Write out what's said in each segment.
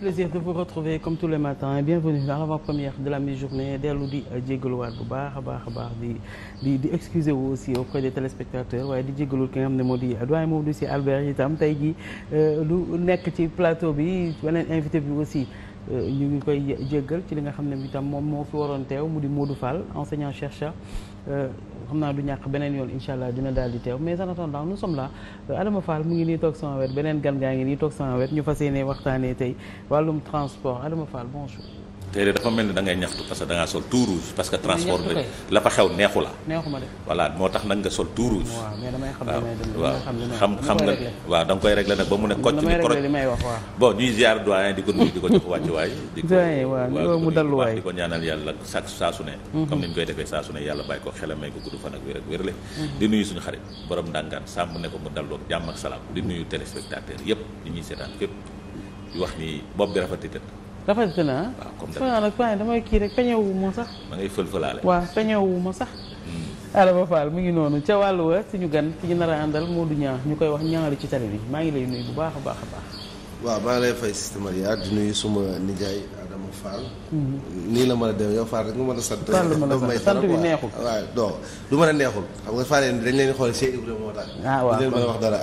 plaisir de vous retrouver comme tous les matins bienvenue à l'avant-première de la mi-journée dellu di jégaluwaat bu baax a baax a baax di di di excuser wu aussi auprès des téléspectateurs waaye di jégalul ki nga xam ne moo di a doyen Maodo Sy Albert itam tey jii euh, lu nekk ci plateau bi beneen invité bi aussi euh, ñu ngi koy jéggal ci li nga xam ne itam moom moo fi waroon teew mu di Modou Fall enseignant chercheur Euh, xam naa du ñàq beneen yoon incha allah dina daal di teew mais en attendant nous sommes là euh, Adama Fall mu ngi nii toog sama wet beneen gan gaa ngi nii toog sama wet ñu fa yéene waxtaanee tey wàllum transport Adama Fall bonjour. tey dafa mel ni da ngay ñaxtu parce que da ngaa sol tout rouge parce que transport bi la fa xew neexu la. neexu moo tax nag nga sol tout rouge. waaw mais damay xam xam nga waaw da nga koy régler nag ba mu ne kocc. ni ko li may wax waaw. bon ñuy ziar doyen di ko nuyu di ko saa su ne. Mm-hmm. comme ni ñu koy defee saa su ne yàlla bàyyi ko xelam may ko gudd fan ak wér ak wérle. Mm-hmm. di nuyu suñu xarit borom ndàngaan sàmm ne ko mu dalloo jàmm ak salaam di nuyu téléspectateur yëpp di ñuy seetaan fépp di wax ni bopp bi rafetite dafa dëgg la ah. waaw comme damay kii rek peñewu ma sax. ma ngay fël-fëlaale. waaw peñewu ma sax. Hmm. Adama Fall mi ngi noonu ca wàllu wa suñu gan ki ñu nar a àndal Modou Niang ñu koy wax ñaari ci tali bi maa ngi lay nuyu bu baax a baax baax. waaw maa ngi lay fay système di nuyu suma nijaay Fall. Mhm. nii la mën a dem yow Fall rek nga mën a sant. Fall mën a sant sant bi neexul waaw non du mën a neexul xam nga Fall dañ leen xool Cheikh Ibrahima moo tax. ah a wax dara.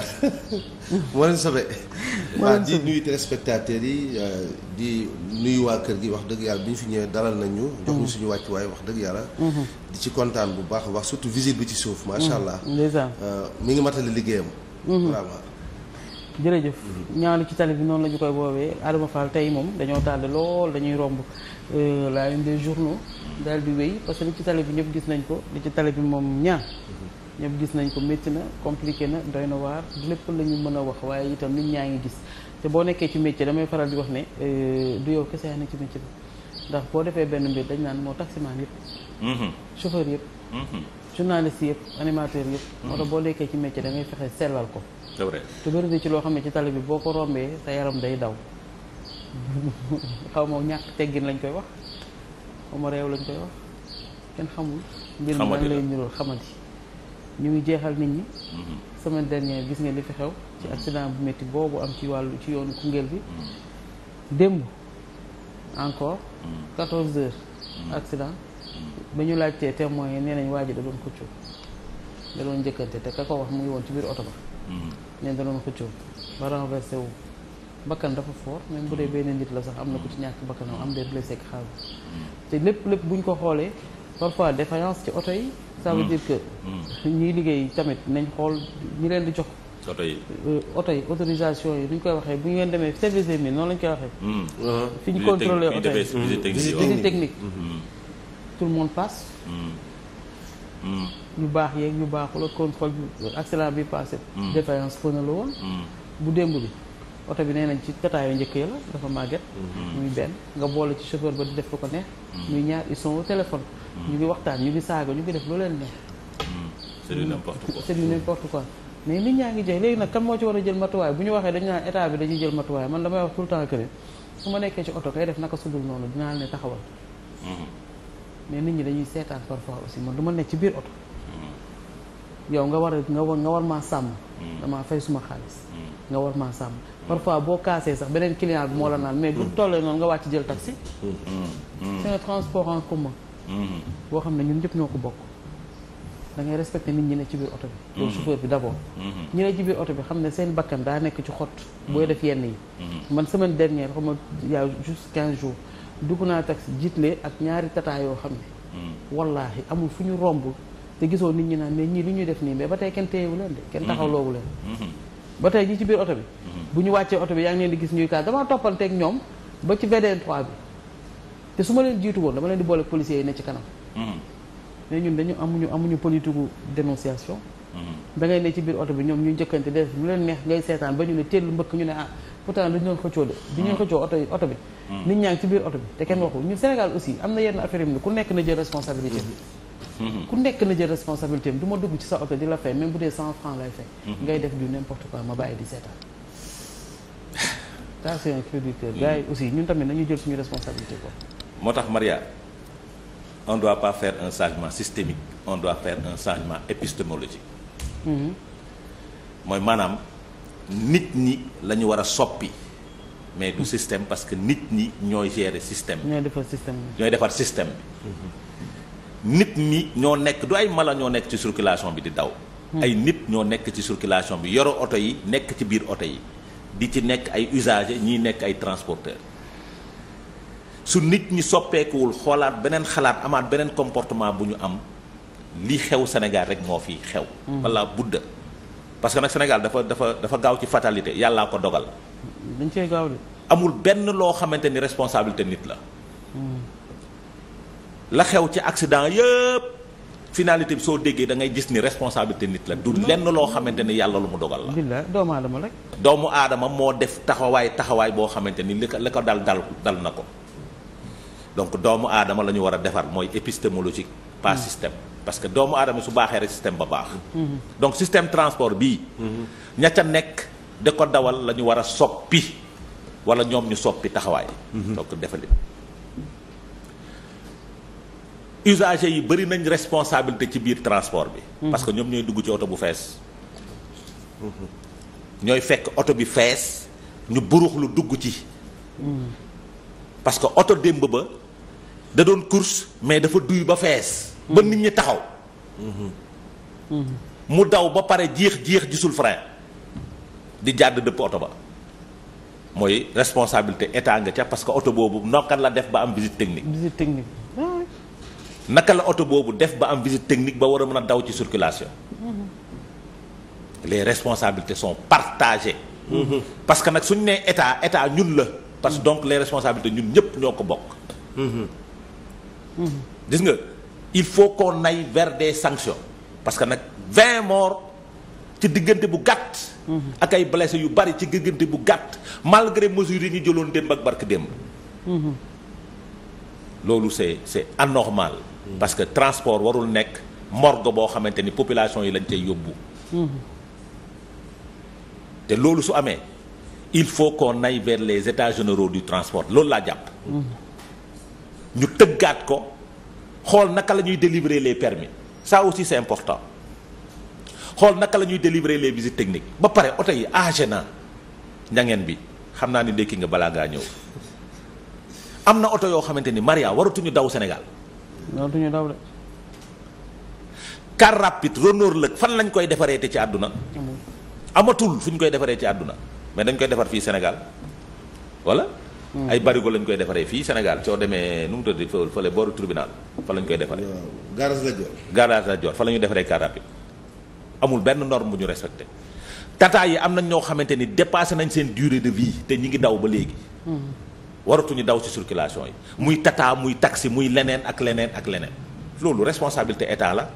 moo leen sobe. waaw di nuyu téléspectateurs yi euh, di nuyu waa kër gi wax dëgg yàlla bi ñu fi ñëwee dalal nañ ñu. Mhm. jox ñu suñu waaye wax dëgg yàlla. Mhm. di ci kontaan bu baax wax surtout visite bi ci suuf. macha allah euh, mi ngi matali liggéeyam. vraiment. jërëjëf ñaanu ci tali bi noonu la ñu koy boobee Adama Fall tey moom dañoo tàll lool dañuy romb euh, la une des journaux daal di wéy parce que li ci tali bi ñëpp gis nañ ko li ci tali bi moom ñaa ñëpp gis nañ ko métti na compliqué na doy na waar lépp lañu mën a wax waaye itam nit ñaa ngi gis te boo nekkee ci métier damay faral di wax ne euh, du yow kese yaa nekk ci métier bi ndax boo defee benn mbir dañ naan moo taximaan yëpp mm-hmm. chauffeur yëpp mm-hmm. journaliste yëpp animateur yëpp. Mm-hmm. moo tax boo nekkee ci métier dangay ngay fexe sellal ko. c'est te bëri na ci loo xam ne ci tali bi boo ko rombee sa yaram day daw xaw ma ñàkk teggin lañ koy wax xaw ma réew lañ koy wax kenn xamul. mbir mi nan lay ñuróol xamati ñu ngi jeexal nit ñi. Mm-hmm. semaine dernière gis ngeen li fi xew. ci mm-hmm. accident bu métti boobu am ci wàllu ci yoonu Koungheul bi. démb encore. 14 heures accident. ba ñu laajtee témoins yi nee nañ waa ji da doon xëccoo da doon jëkkante te ka ko wax mu ngi woon ci biir oto ba hmm. nee da doon xëccoo ba renversé wu bakkan dafa fort même bu dee benn nit la sax am na ko ci ñàkk bakkanam am des blessés graves hmm. te lépp lépp buñ ko xoolee parfois défaillance ci oto yi sa veut hmm. dire liggéey tamit nañ xool ñu leen di jox oto yi euh, oto yi autorisation yi duñ koy waxee bu ñu leen demee service des noonu lañ koy waxee uh-huh. fi ñu contrôler oto yi visite technique tout le monde passe. yu baax yeeg yu baaxul ak contrôle bi accident bi passé. défaillance pneu la woon. bu démb bi oto bi nee nañ ci tataayu njëkk ya la dafa màgget. muy benn nga boole ci chauffeur ba di def ko ko neex. muy ñaar ils sont téléphone. ñu ngi waxtaan ñu ngi saaga ñu ngi def lu leen neex. c'est du n'importe quoi c'est du n'importe nit ñaa ngi jeex léegi nag kan moo ci war a jël matuwaay bu ñu waxee dañu naa état bi dañuy jël matuwaay man damay wax tout le temps que ma nekkee ci oto kay def naka sudul noonu dinaa ne taxawal. mais nit ñi dañuy seetaan parfois aussi man du ma nekk ci biir oto. yow nga war nga war nga war maa sàmm. Hmm. damaa fay suma xaalis. Hmm. nga war maa sàmm hmm. parfois boo kaasee sax beneen client bi moo la naan mais du tollee noonu nga ci jël taxi. c'est un transport en boo xam ne ñun ñëpp ñoo ko bokk. da ngay respecté nit ñi ne ci biir oto bi. yow chauffeur bi d'abord. ñi ne ci biir oto bi xam ne seen bakkan daa nekk ci xott. booy def yenn yi. man semaine dernière a juste 15 jours. dugg naa taxi jiitle ak ñaari tata yoo xam ne hmm. wallaahi amul fu ñu romb te gisoo nit ñi naan ne ñii lu ñuy def nii mais ba tey kenn téyewu leen de kenn hmm. taxaw loogu leen hmm. ba tey ñi ci biir oto bi bu ñu wàccee oto bi yaa ngi di gis ñuy kaas damaa toppanteeg ñoom ba ci VDN 3 bi te su ma leen jiitu woon dama leen di boole policiers yi ne ci kanam mais ñun dañu amuñu amuñu politique dénonciation da ngay ne ci biir oto bi ñoom ñu njëkkante def lu leen neex ngay seetaan ba ñu ne teel mbëkk ñu ne ah pourtant dañu doon xëccoo de. bi ñuy xëccoo oto yi oto bi. Hmm. nit ñaa ngi ci biir oto bi te kenn waxu ñun Sénégal aussi am na yenn affaire yi ku nekk na jël responsabilité hmm. Hmm. ku nekk na jël responsabilité am ma dugg ci sa oto di la fay même bu dee 100 francs lay fay. ngay def du n'importe quoi ma bàyyi di seetaan. ça c'est un cri aussi ñun tamit nañu jël suñu responsabilité quoi. moo tax Maria on doit pas faire un changement systémique on doit faire un changement épistémologique. mooy maanaam. nit ñi la ñu war a soppi mais du système parce que nit ñi ñooy gérer système ñooy defar système ñooy defar système nit ñi ñoo nekk du ay mala ñoo nekk ci circulation bi di daw hmm. ay nit ñoo nekk ci circulation bi yoro oto yi nekk ci biir oto yi di ci nekk ay usagers ñiy nekk ay transporteurs su nit ñi soppeekuwul xoolaat beneen xalaat amaat beneen comportement bu ñu am li xew Sénégal rek moo fi xew hmm. walla budda parce que nag Sénégal dafa dafa dafa gaaw ci fatalité yàllaa ko dogal. dañ cee amul benn loo xamante ni responsabilité nit la. Hmm. la xew ci accident yëpp finalité bi soo déggee da ngay gis ni responsabilité nit la. du lenn loo xamante ni yàlla lu mu dogal la. billa doomu aadama rek. doomu aadama moo def taxawaay taxawaay boo xamante ni li ko ko dal dal dal na ko donc doomu aadama la ñu war a defar mooy épistémologique. pas hmm. système. parce que doomu aadama su baaxee rek système ba baax. donc système transport bii. ña ca nekk da ko dawal la ñu war a soppi wala ñoom ñu soppi taxawaay. donc defali usagers yi bëri nañ responsabilité ci biir transport bi. parce que ñoom ñooy dugg ci oto bu fees. ñooy fekk oto bi fees ñu burux lu dugg ci. parce que oto démb ba da doon course mais dafa duy ba fees. ba nit ñi taxaw. mu daw ba pare jeex jeex gisul frein di jàdd dëpp oto ba mooy responsabilité état nga ca parce que oto boobu naka la def ba am visite technique. technique naka la oto boobu def ba am visite technique ba war a mën a daw ci circulation. les responsabilités sont partagées. parce que nag suñu nee état état ñun la. parce que donc les responsabilités ñun ñëpp ñoo ko bokk. gis nga. il faut ko nay vers des sanctions parce que nag 20 morts ci diggante bu gàtt. Mhm. ak ay blessés yu bari ci diggante bu gàtt malgré mesures yi ñu jëloon démb ak barki démb. Mhm. loolu c'est c'est anormal. Mhm. parce que transport warul nekk morgue boo xamante ni population yi lañ cay yóbbu. te loolu su amee il faut qu'on nay vers les états généraux du transport loolu laa jàpp. ñu tëggaat ko. xool naka la ñuy délivrer les permis ça aussi c'est important xool naka la ñuy délivrer les visites techniques ba pare oto yi âgé ah, na njangeen bi xam naa ni ndekki nga balaa ngaa ñëw am na oto yoo xamante ni Maria waratuñu daw Sénégal. waratuñu daw de. car rapide Renault lëg fan lañ koy defaree te ci àdduna. amatul fu ñu koy defaree ci àdduna mais dañ koy defar fii senegal wala. Mm. ay barigo lañ koy defaree fii Sénégal soo demee nu mu tëdd fële fële booru tribunal fa lañ koy defaree. garage la garage la fa la ñuy defaree car amul benn norme bu ñu respecté tata yi am nañ ñoo xamante ni dépassé nañ seen durée de vie te ñu ngi daw ba léegi. Mm. waratuñu daw ci circulation yi muy tata muy taxi muy leneen ak leneen ak leneen loolu responsabilité état la.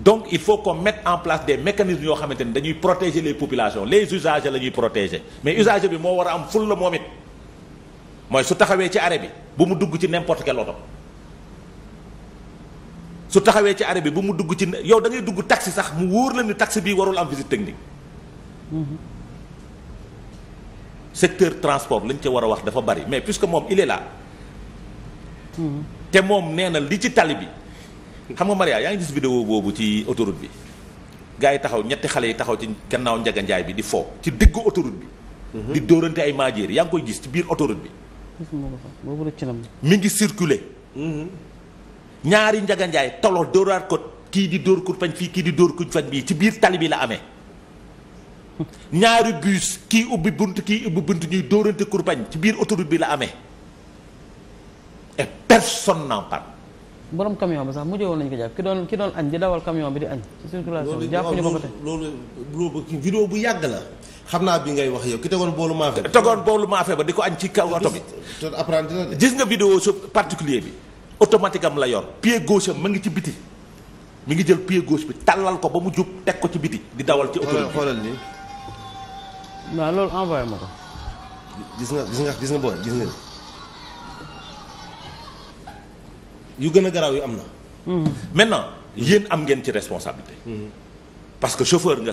donc il faut qu'on mette en place des mécanismes yoo xamante ni dañuy protéger les populations les usagers la ñuy protéger mais usager bi moo war a am ful la moom it mooy su taxawee ci arrêt bi bu mu dugg ci n'importe quel taxawee ci arrêt bi bu mu dugg ci yow dangay ngay dugg taxi sax mu wóor la ni taxi bii warul am visite technique mm-hmm. secteur transport lañ ca war a wax dafa bari mais puisque moom il est mm-hmm. te moom nee na li ci tali bi xam nga Maria yaa ngi gis vidéo boobu ci autoroute bi gars yi taxaw ñetti xale yi taxaw ci gannaaw Njaga Njaay bi di fo ci diggu autoroute bi. Mhm. di dóorante ay maajeer yaa ngi koy gis ci biir autoroute bi. mi ngi circuler mhm. ñaari Njaga Njaay tolo dóoraat ko kii di dóor kur fañ fii kii di dóor kuñ fañ bii ci biir tali bi la amee. ñaari bus kii ubbi bunt kii ubbi bunt ñuy dóorante kurpañ ci biir autoroute bi la amee et personne n'en parle borom camion ba sax mujjee woon nañu ko jàpp ki doon ki doon añ di dawal camion bi di añ. ci circulation jàppuñu ko ba tey loolu bu yàgg la. xam naa bi ngay wax yow ki tegoon boolu maafe. tegoon boolu maafe ba di ko añ ci kaw oto bi. gis nga vidéo su particulier bi automatique am la yor. pied gauche am ma ngi ci biti mu ngi jël pied gauche bi tàllal ko ba mu jub teg ko ci biti. di dawal ci oto bi xoolal nii. loolu envoyé ma ko. gis nga gis nga gis nga booy gis nga. yu gën a garaaw yi am na. Hmm. maintenant yéen am ngeen ci responsabilité. Hmm. parce que chauffeur nga.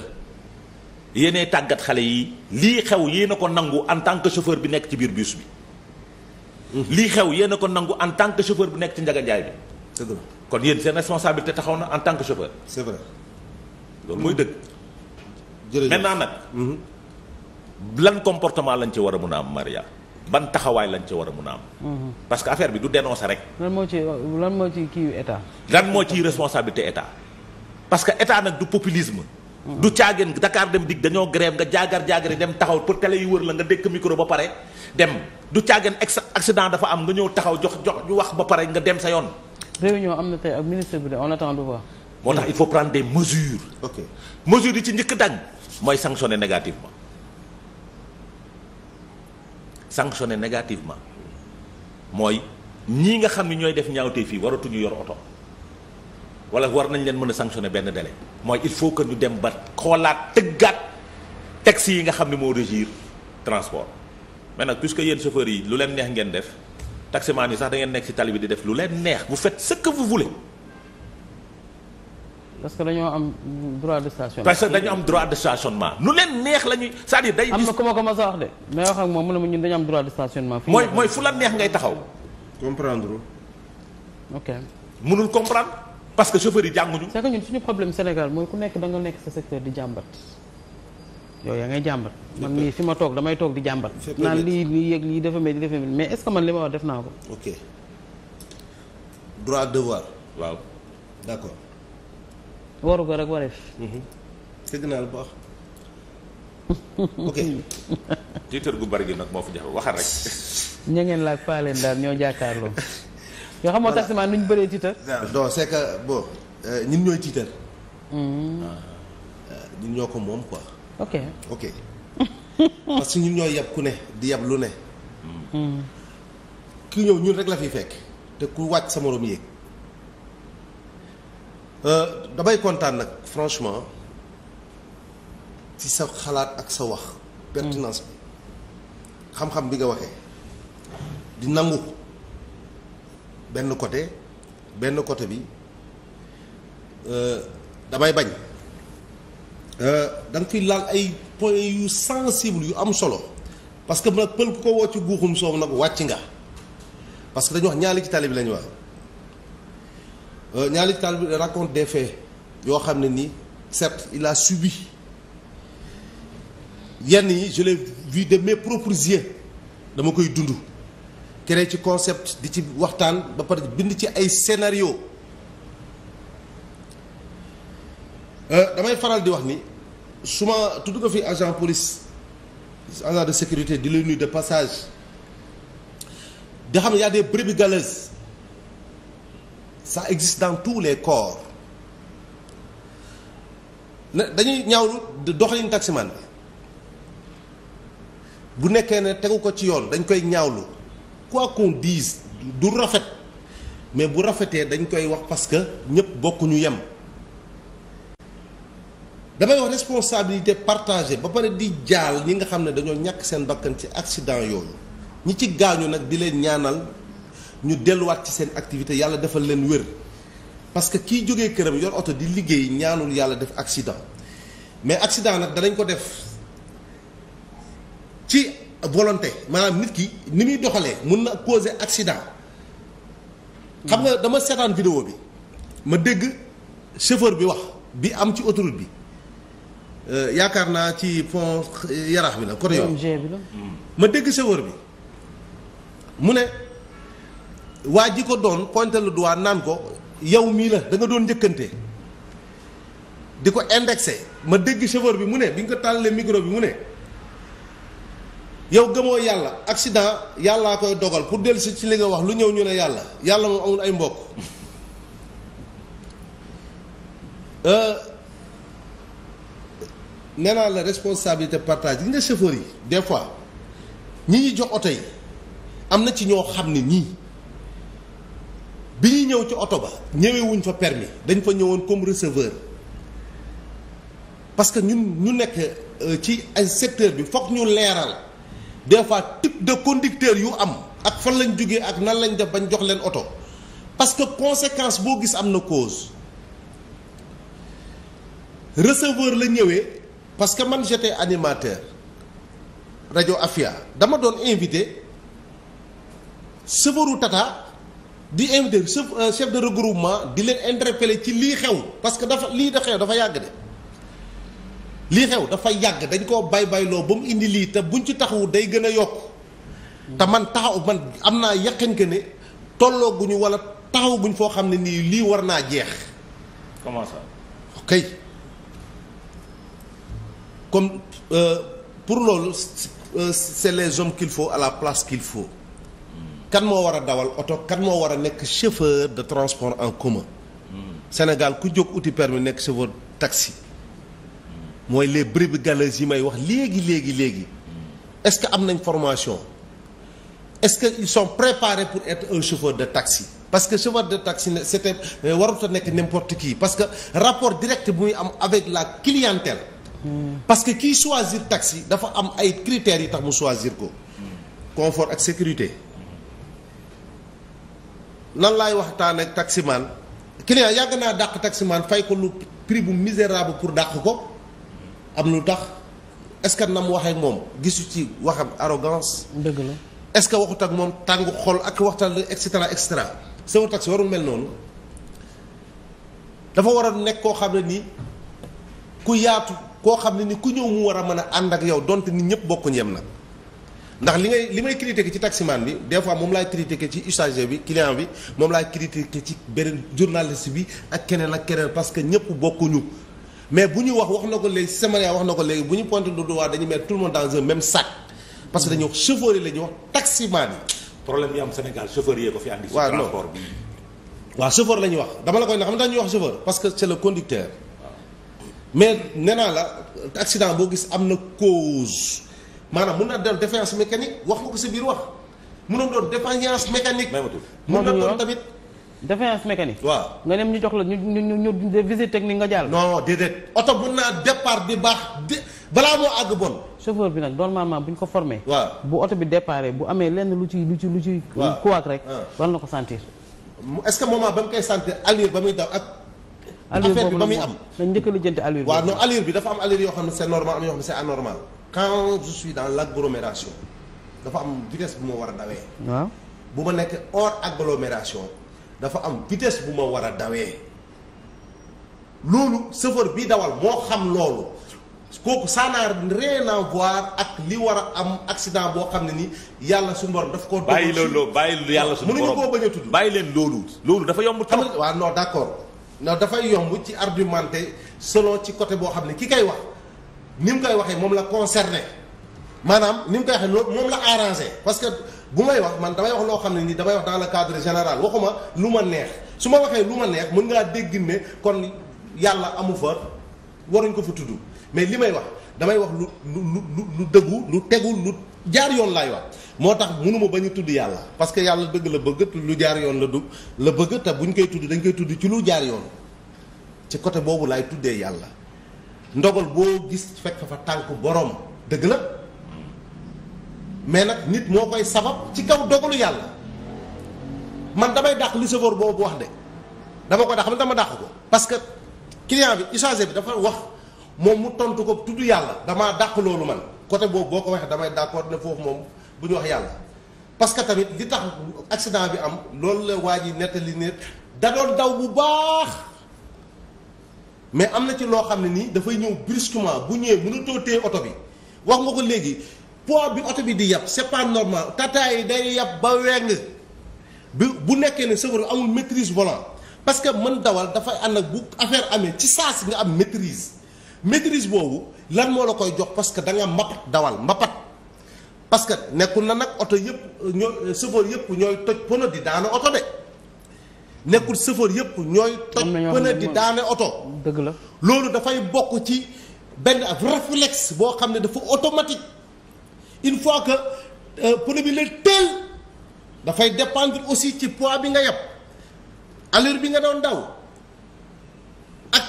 yéenee tàggat xale yi lii xew yéen na ko nangu en tant que chauffeur bi nekk ci biir bus bi. lii xew yéen a ko nangu en tant que chauffeur bi nekk ci njaganjaay bi. dëgg hmm. la kon yéen seen responsabilité taxaw na en tant que chauffeur. c'est loolu mooy dëgg. jërëjëf maintenant nag. lan comportement lañ ci war a mun a am Maria. ban taxawaay lañ ci war a mun a am. Mhm. parce que affaire bi du dénoncer rek. lan moo ci lan moo ci kii état. lan moo ciy responsabilité état parce que état nag du populisme. Mhm. du caageen Dakar dem dig dañoo grève nga jaagar jaagari dem taxaw pour télé yi wër la nga dékk micro ba pare dem du caageen accident dafa am nga ñëw taxaw jox jox ñu wax ba pare nga dem sa yoon. ñoo am na tey ak ministre bi de on attend de voir. moo tax il faut prendre des mesures. ok mesures yi ci njëkk dañ sanctionné négativement mooy ñii nga xam ne ñooy def ñaawtee fii waratuñu yor oto wala war nañ leen mën a sanctionné benn délai mooy il faut que ñu dem ba xoolaat tëggaat taxi yi nga xam ne moo régir transport mais nag puisque yéen chauffeurs yi lu leen neex ngeen def taximaan yi sax da ngeen nekk ci tali bi di def lu leen neex vous faites ce que vous voulez parce que dañoo am droit de stationnement. parce am droit de stationnement. leen neex la sa c'est-à-dire day. am na ku ma ko mas a wax de. mais wax ak moom mu ne ma ñun dañu am droit de stationnement. mooy mooy fu la neex ngay taxaw. comprendre. ok. mënul comprendre parce que chauffeur yi jànguñu. c'est que ñun suñu problème Sénégal mooy ku nekk da nga nekk sa secteur di jàmbat. yow yaa ngay jàmbat man nii fi ma toog damay toog di jàmbat. naan lii lii yëg lii dafa mel ni dafa mel mais est-ce que man li ma wax def naa ko. ok droit waru ko rek wareef. Mhm. dëgg naa la baax. ok. tiitër gu bari gi nag moo fi jafe waxal rek. ña ngeen laag faa leen daal ñoo jàkkaarloo. yoo xam moo tax sama nuñ bëree tiitër. non c'est que bon euh, ñun ñooy tiitër. Hmm. Ah, euh, ñun ñoo yab ku ne di yab lu ne. Hmm. ki ñëw ñun rek la fi fekk te ku wàcc sa morom yéeg. Euh, damay kontaan nag franchement ci sa xalaat ak sa wax. pertinence bi xam-xam bi nga waxee di nangu benn côté benn côté bi euh, damay bañ. Euh, da nga fiy laal ay point yu sensible yu am solo parce que nag pël ku ko woo ci guuxum soow nag wàcc nga parce que dañu wax ñaari ci tali bi lañu wax. Euh, Nialit Tall bi raconte des faits yoo xam ne nii certes il a subi yenn yi je l'ai vu de mes propres dama koy dund créé ci concept di ci waxtaan ba pare bind ci ay scénario euh, damay faral di wax ni su ma tudd nga fi agent police agent de sécurité di lee nuyu de passage di xam yaa y a des brebis ça existe dans tous les corps dañuy ñaawlu doxalin taximan bi bu nekkee ne tegu ko ci yoon dañ koy ñaawlu quoi qu'on dise du rafet mais bu rafetee dañ koy wax parce que ñëpp bokkuñu yem damay wax responsabilité partagée ba pare di jaal ñi nga xam ne dañoo ñàkk seen bakkan ci accident yooyu ñi ci gaañu nag di leen ñaanal ñu delluwaat ci seen activité yàlla defal leen wér parce que kiy jógee këram yor oto di liggéey ñaanul yàlla def accident mais accident nag danañ ko def ci volonté maanaam nit ki ni muy doxalee mun na causer accident xam nga dama seetaan vidéo bi ma dégg chauffeur bi wax bi am ci autoroute bi euh, yaakaar naa ci pont yaraax bi la côté yoon ma dégg chauffeur bi mu ne waa ji ko doon pointé le doigt naan ko yow mii la da nga doon njëkkante di ko indexé ma dégg chauffeur bi mu ne bi nga ko tàllalee micro bi mu ne yow gëmoo yàlla accident yàllaa koy dogal pour dellu si ci li nga wax lu ñëw ñu ne yàlla yàlla moom amul ay mbokk euh, nee naa la responsabilité partage yi nga chauffeur yi des fois ñi jox oto yi am na ci ñoo xam ne ñii. bi ñuy ñëw ci oto ba ñëwewuñ fa permis dañ fa ñëwoon comme receveur parce que ñun ñu nekk euh, ci ay secteur bi foog ñu leeral des fois type de conducteur yu am ak fan lañ jógee ak nan lañ def bañ jox leen oto parce que conséquence boo gis am na cause receveur la ñëwee parce que man j'étais animateur rajo Afia dama doon invité sëfaru Tata di invité chef euh, chef de regroupement di leen interpeller ci lii xew parce que dafa lii da xew dafa yàgg de lii xew dafa yàgg dañ koo bay bayloo ba mu indi lii te buñ ci taxawu day gën a yokk te man taxaw man am naa yaqin que ne tollooguñu walla taxaw guñ foo xam ne nii lii war naa jeex. comment ça. ok comme euh, pour loolu euh, c'est les hommes qu'il faut à la place qu'il kan moo war a dawal oto kan moo war a nekk chauffeur de transport en commun Sénégal ku jóg uti permis nekk chauffeur taxi mooy les brebis galeuses yi may wax léegi léegi léegi est-ce que am nañ formation est-ce que ils sont préparés pour être un de taxi parce que chauffeur de taxi c'était warut a nekk n'importe qui parce que rapport direct bu muy am avec la clientèle parce que kiy choisir taxi dafa am ay critères yi tax mu choisir ko confort ak sécurité nan laay waxtaan ak taximaan client yàgg naa dàq taximaan fay ko lu prix bu misérable pour dàq ko am lu tax est-ce que nam waxee moom gisu ci waxam arrogance. dëgg la est-ce que waxut ak moom tàng xol ak waxtaan et cetera et cetera. sama taxi warul mel noonu dafa war a nekk koo xam ne nii ku yaatu koo xam ne ni ku ñëw mu war a mën a ànd ak yow donte nit ñëpp bokkuñ yem nag ndax li ngay li may critiquer ci taximan bi des fois moom laay critiquer ci usager bi client bi moom laay critiquer ci beneen journaliste bi ak keneen ak keneen parce que ñëpp bokkuñu mais bu ñu wax wax na ko léegi Samaria wax na ko léegi bu ñu pointé du doigt dañu mettre tout le monde dans un même sac parce que dañuy wax chauffeur yi la wax taximan yi. problème yi am Sénégal chauffeur yee ko fi andi. waaw transport bi waaw chauffeur la ñuy wax dama la koy xam ne dañuy wax chauffeur parce que c'est le conducteur. mais nee la accident boo gis am na cause. maanaam mun na doon défaillance mécanique wax nga ko si biir wax munoon doon défaillance mécanique. mun na doon tamit. défaillance mécanique. waaw nga dem ñu jox la ñu ñu ñu ñu visite technique nga jàll. non déedéet oto mun naa départ di baax di balaa moo àgg bon. chauffeur bi nag normalement bu ñu ko formé. waaw bu oto bi déparé bu amee lenn lu ci lu ci lu ci. waaw rek. Ah. war na ko sentir. est-ce que moment ba mu koy sentir allure ba muy daw ak. allure boobu ba muy am. dañ njëkk a lijjanti allure bi. dafa am quand je suis dans l' agglomération dafa am vitesse bu ma war a dawee. waaw bu ma nekk hors agglomération dafa am vitesse bu ma war a dawee loolu chauffeur bi dawal moo xam loolu kooku ça n'a rien à voir ak li war a am accident boo xam ne ni yàlla su borom daf koo. bàyyi loolu bàyyi yàlla suñu borom mënuñu koo bañ a leen loolu. loolu dafa yomb tam waa non d' accord non dafay yomb ci argumenté selon ci côté boo xam ne ki kay wax. ni mu koy waxee moom la concerné maanaam ni mu koy waxee loolu moom la arrangé parce que bu may wax man damay wax loo xam ne nii damay wax dans le cadre général waxuma lu ma neex su ma waxee lu ma neex mën ngaa dégg ne kon yàlla amu fa waruñ ko fa tudd mais li may wax damay wax lu lu lu dëggu lu tegu lu jaar yoon laay wax moo tax mënuma bañ a tudd yàlla parce que yàlla dëgg la bëgg lu jaar yoon la dugg la bëgg te buñ koy tudd dañ koy tudd ci lu jaar yoon ci côté boobu laay tuddee yàlla. ndogal boo gis fekk fa tànk boroom dëgg la mais nag nit moo koy sabab ci kaw dogalu yàlla man damay dàq li chauffeur boobu wax de dama ko dàq man dama dàq ko parce que client bi échanger bi dafa wax moom mu tontu ko tudd yàlla damaa dàq loolu man côté boobu boo ko waxee damay d'accord ne foofu moom bu ñu wax yàlla parce que tamit li tax accident bi am loolu la waa ji nettali ne da daw bu baax mais am na ci loo xam ne nii dafay ñëw brusquement bu ñëwee mënatoo téye oto bi wax nga ko léegi poids bi oto bi di yàpp c'est pas normal tata yi day yàpp ba weng bi bu nekkee ne chauffeur amul maîtrise volant parce que mën dawal dafay ànd ak bu affaire amee ci saa si nga am maîtrise maîtrise boobu lan moo la koy jox parce que da nga mbapat dawal mbapat parce que nekkul na nag oto yëpp ñoo chauffeur yëpp ñooy toj pono di daana oto de nekkul chauffeur yëpp ñooy toj pneu di daane oto dëgg la loolu dafay bokk ci benn ak réflexe boo xam ne dafa automatique il fois que euh, pneu bi la teel dafay dépendre aussi ci poids bi nga yeb allure bi nga doon daw ak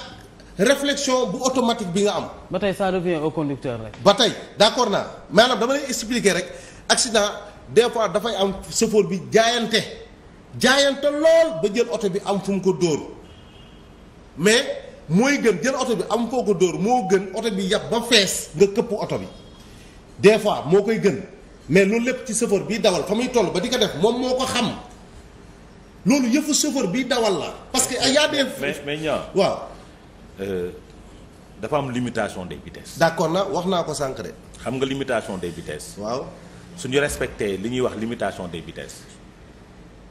réflexion bu automatique bi nga am ba tey ça revient au conducteur rek ba tey d'accord naa maanaam dama lay expliquer rek accident des fois dafay am chauffeur bi jaayante jaayante lool ba jël oto bi am fu mu ko dóor mais mooy gën jël oto bi am foo ko dóor moo gën oto bi yàpp ba fees nga këpp oto bi des fois moo koy gën mais loolu lépp ci chauffeur bi dawal fa muy toll ba di ko def moom moo ko xam loolu yëfu chauffeur bi dawal la parce que y a mais mais ñaa waaw. Euh, dafa am limitation des vitesses. d'accord na wax naa ko sànq xam nga limitation des vitesses. waaw suñu respecté li ñuy wax limitation des vitesses.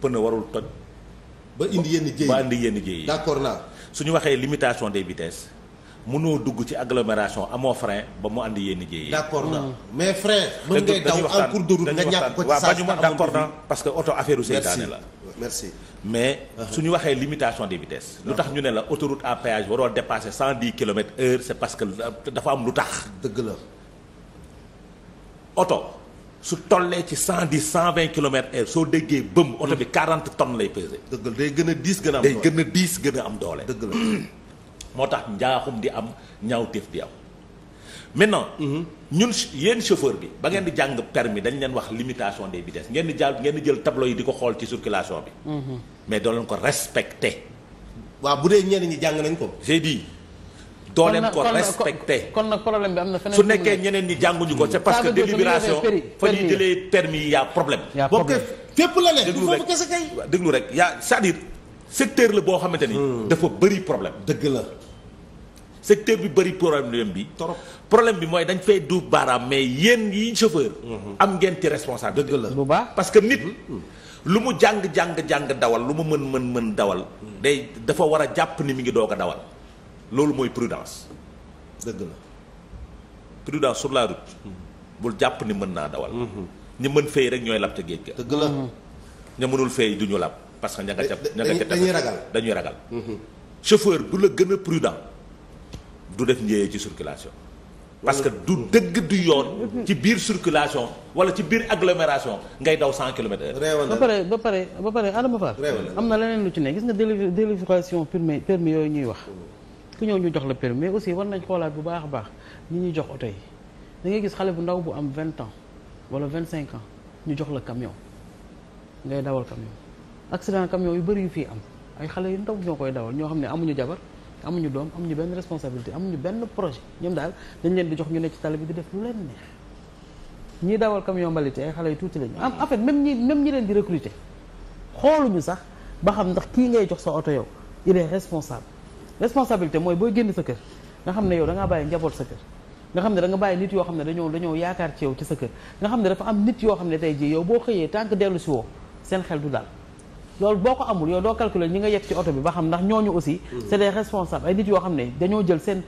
pneu warul toj. ba indi yenn jéey ba indi yenn jéey yi d'accord su ñu waxee limitation des vitesses mënoo dugg ci agglomération amoo frein ba mu indi yenn jéey yi. d'accord naa mm. mais frein. mën ngay daw en cours de route nga ñàkk ko ci saa si d'accord naa parce que oto affaire u seytaane la. merci mais uh-huh. su ñu waxee limitation des vitesses. lu tax ñu ne la autoroute à péage waroo dépasser cent di kilomètres heure c'est parce que euh, dafa am lu tax. dëgg la oto. su tollee ci cent dix cent vingt kilomètres heure soo déggee bëm oto bi mm. quarante tonnes lay pesé. dëgg la day gën a diis gën a am doole day gën a gën am doole. dëgg la moo tax njaaxum di am ñaawteef di am. maintenant. Mm-hmm. ñun yéen chauffeur bi ba ngeen di jàng permis dañ leen wax limitation de vitesses ngeen di jàll ngeen di jël tableau yi di ko xool ci circulation bi. Mm-hmm. mais doo leen ko respecté. waaw bu dee ñenn ñi jàng nañ ko. j'ai doo leen ko respecté kon nag problème bi am na feneen su nekkee ñeneen ñi jànguñu ko c'est parce que délibération fa ñuy jëlee permis yi y problème boobu fépp la ne déglu rek kese kay déglu rek yaa cest à secteur la boo xamante ni hmm. dafa bëri problème dëgg la secteur bi bëri problème bi trop problème bi mooy dañ fay duuf baaraam mais yéen yi chauffeur hmm. am ngeen ci responsable dëgg la bu baax parce que nit hmm. lu mu jàng jàng jàng dawal lu mu mën mën mën dawal day dafa war a jàpp ni mi ngi doog a dawal loolu mooy prudence. dëgg la prudence sur route. bul jàpp ni mën naa dawal. Mhm. ñi mën fay rek ñooy lab ca géej ga. dëgg la mhm. mënul fay du ñu lab parce que ña nga ca eh, ña nga ca dañuy ragal dañuy ragal. Mhm. chauffeur bu la gën a prudent du def njëyee ci circulation. parce que du dëgg du yoon. ci biir circulation wala ci biir agglomération ngay daw 100 kilomètres heure. ba pare ba pare ba pare Adama Fall. am na leneen lu ci ne gis nga déli délivration permis yooyu ñuy wax. ku ñëw ñu jox la permis mais aussi war nañ xoolaat bu baax a baax ñi ñuy jox oto yi da ngay gis xale bu ndaw bu am vingt ans wala vingt cinq ans ñu jox la camion ngay dawal camion accident camion yu bëri yu fii am ay xale yu ndaw ñoo koy dawal ñoo xam ne amuñu jabar amuñu doom ñu benn responsabilité amuñu benn projet ñoom daal dañ leen di jox ñu ne ci tali bi di def lu leen neex ñiy dawal camion mbalit ay xale yu tuuti lañu am en fait même ñi même di recruter xooluñu sax ba xam ndax kii ngay jox sa oto yow il est responsabilité mooy booy génn sa kër nga xam ne yow da ngaa bàyyi njaboot sa kër nga xam ne da nga nit yoo xam ne dañoo dañoo yaakaar ci yow ci sa kër nga xam ne dafa am nit yoo xam ne tey jii yow boo xëyee tànk dellu si woo seen xel du daal loolu boo ko amul yow doo calculer ñi nga yegg ci oto bi ba xam ndax ñoo ñu aussi mm. c'est des responsables ay nit yoo xam ne dañoo jël seen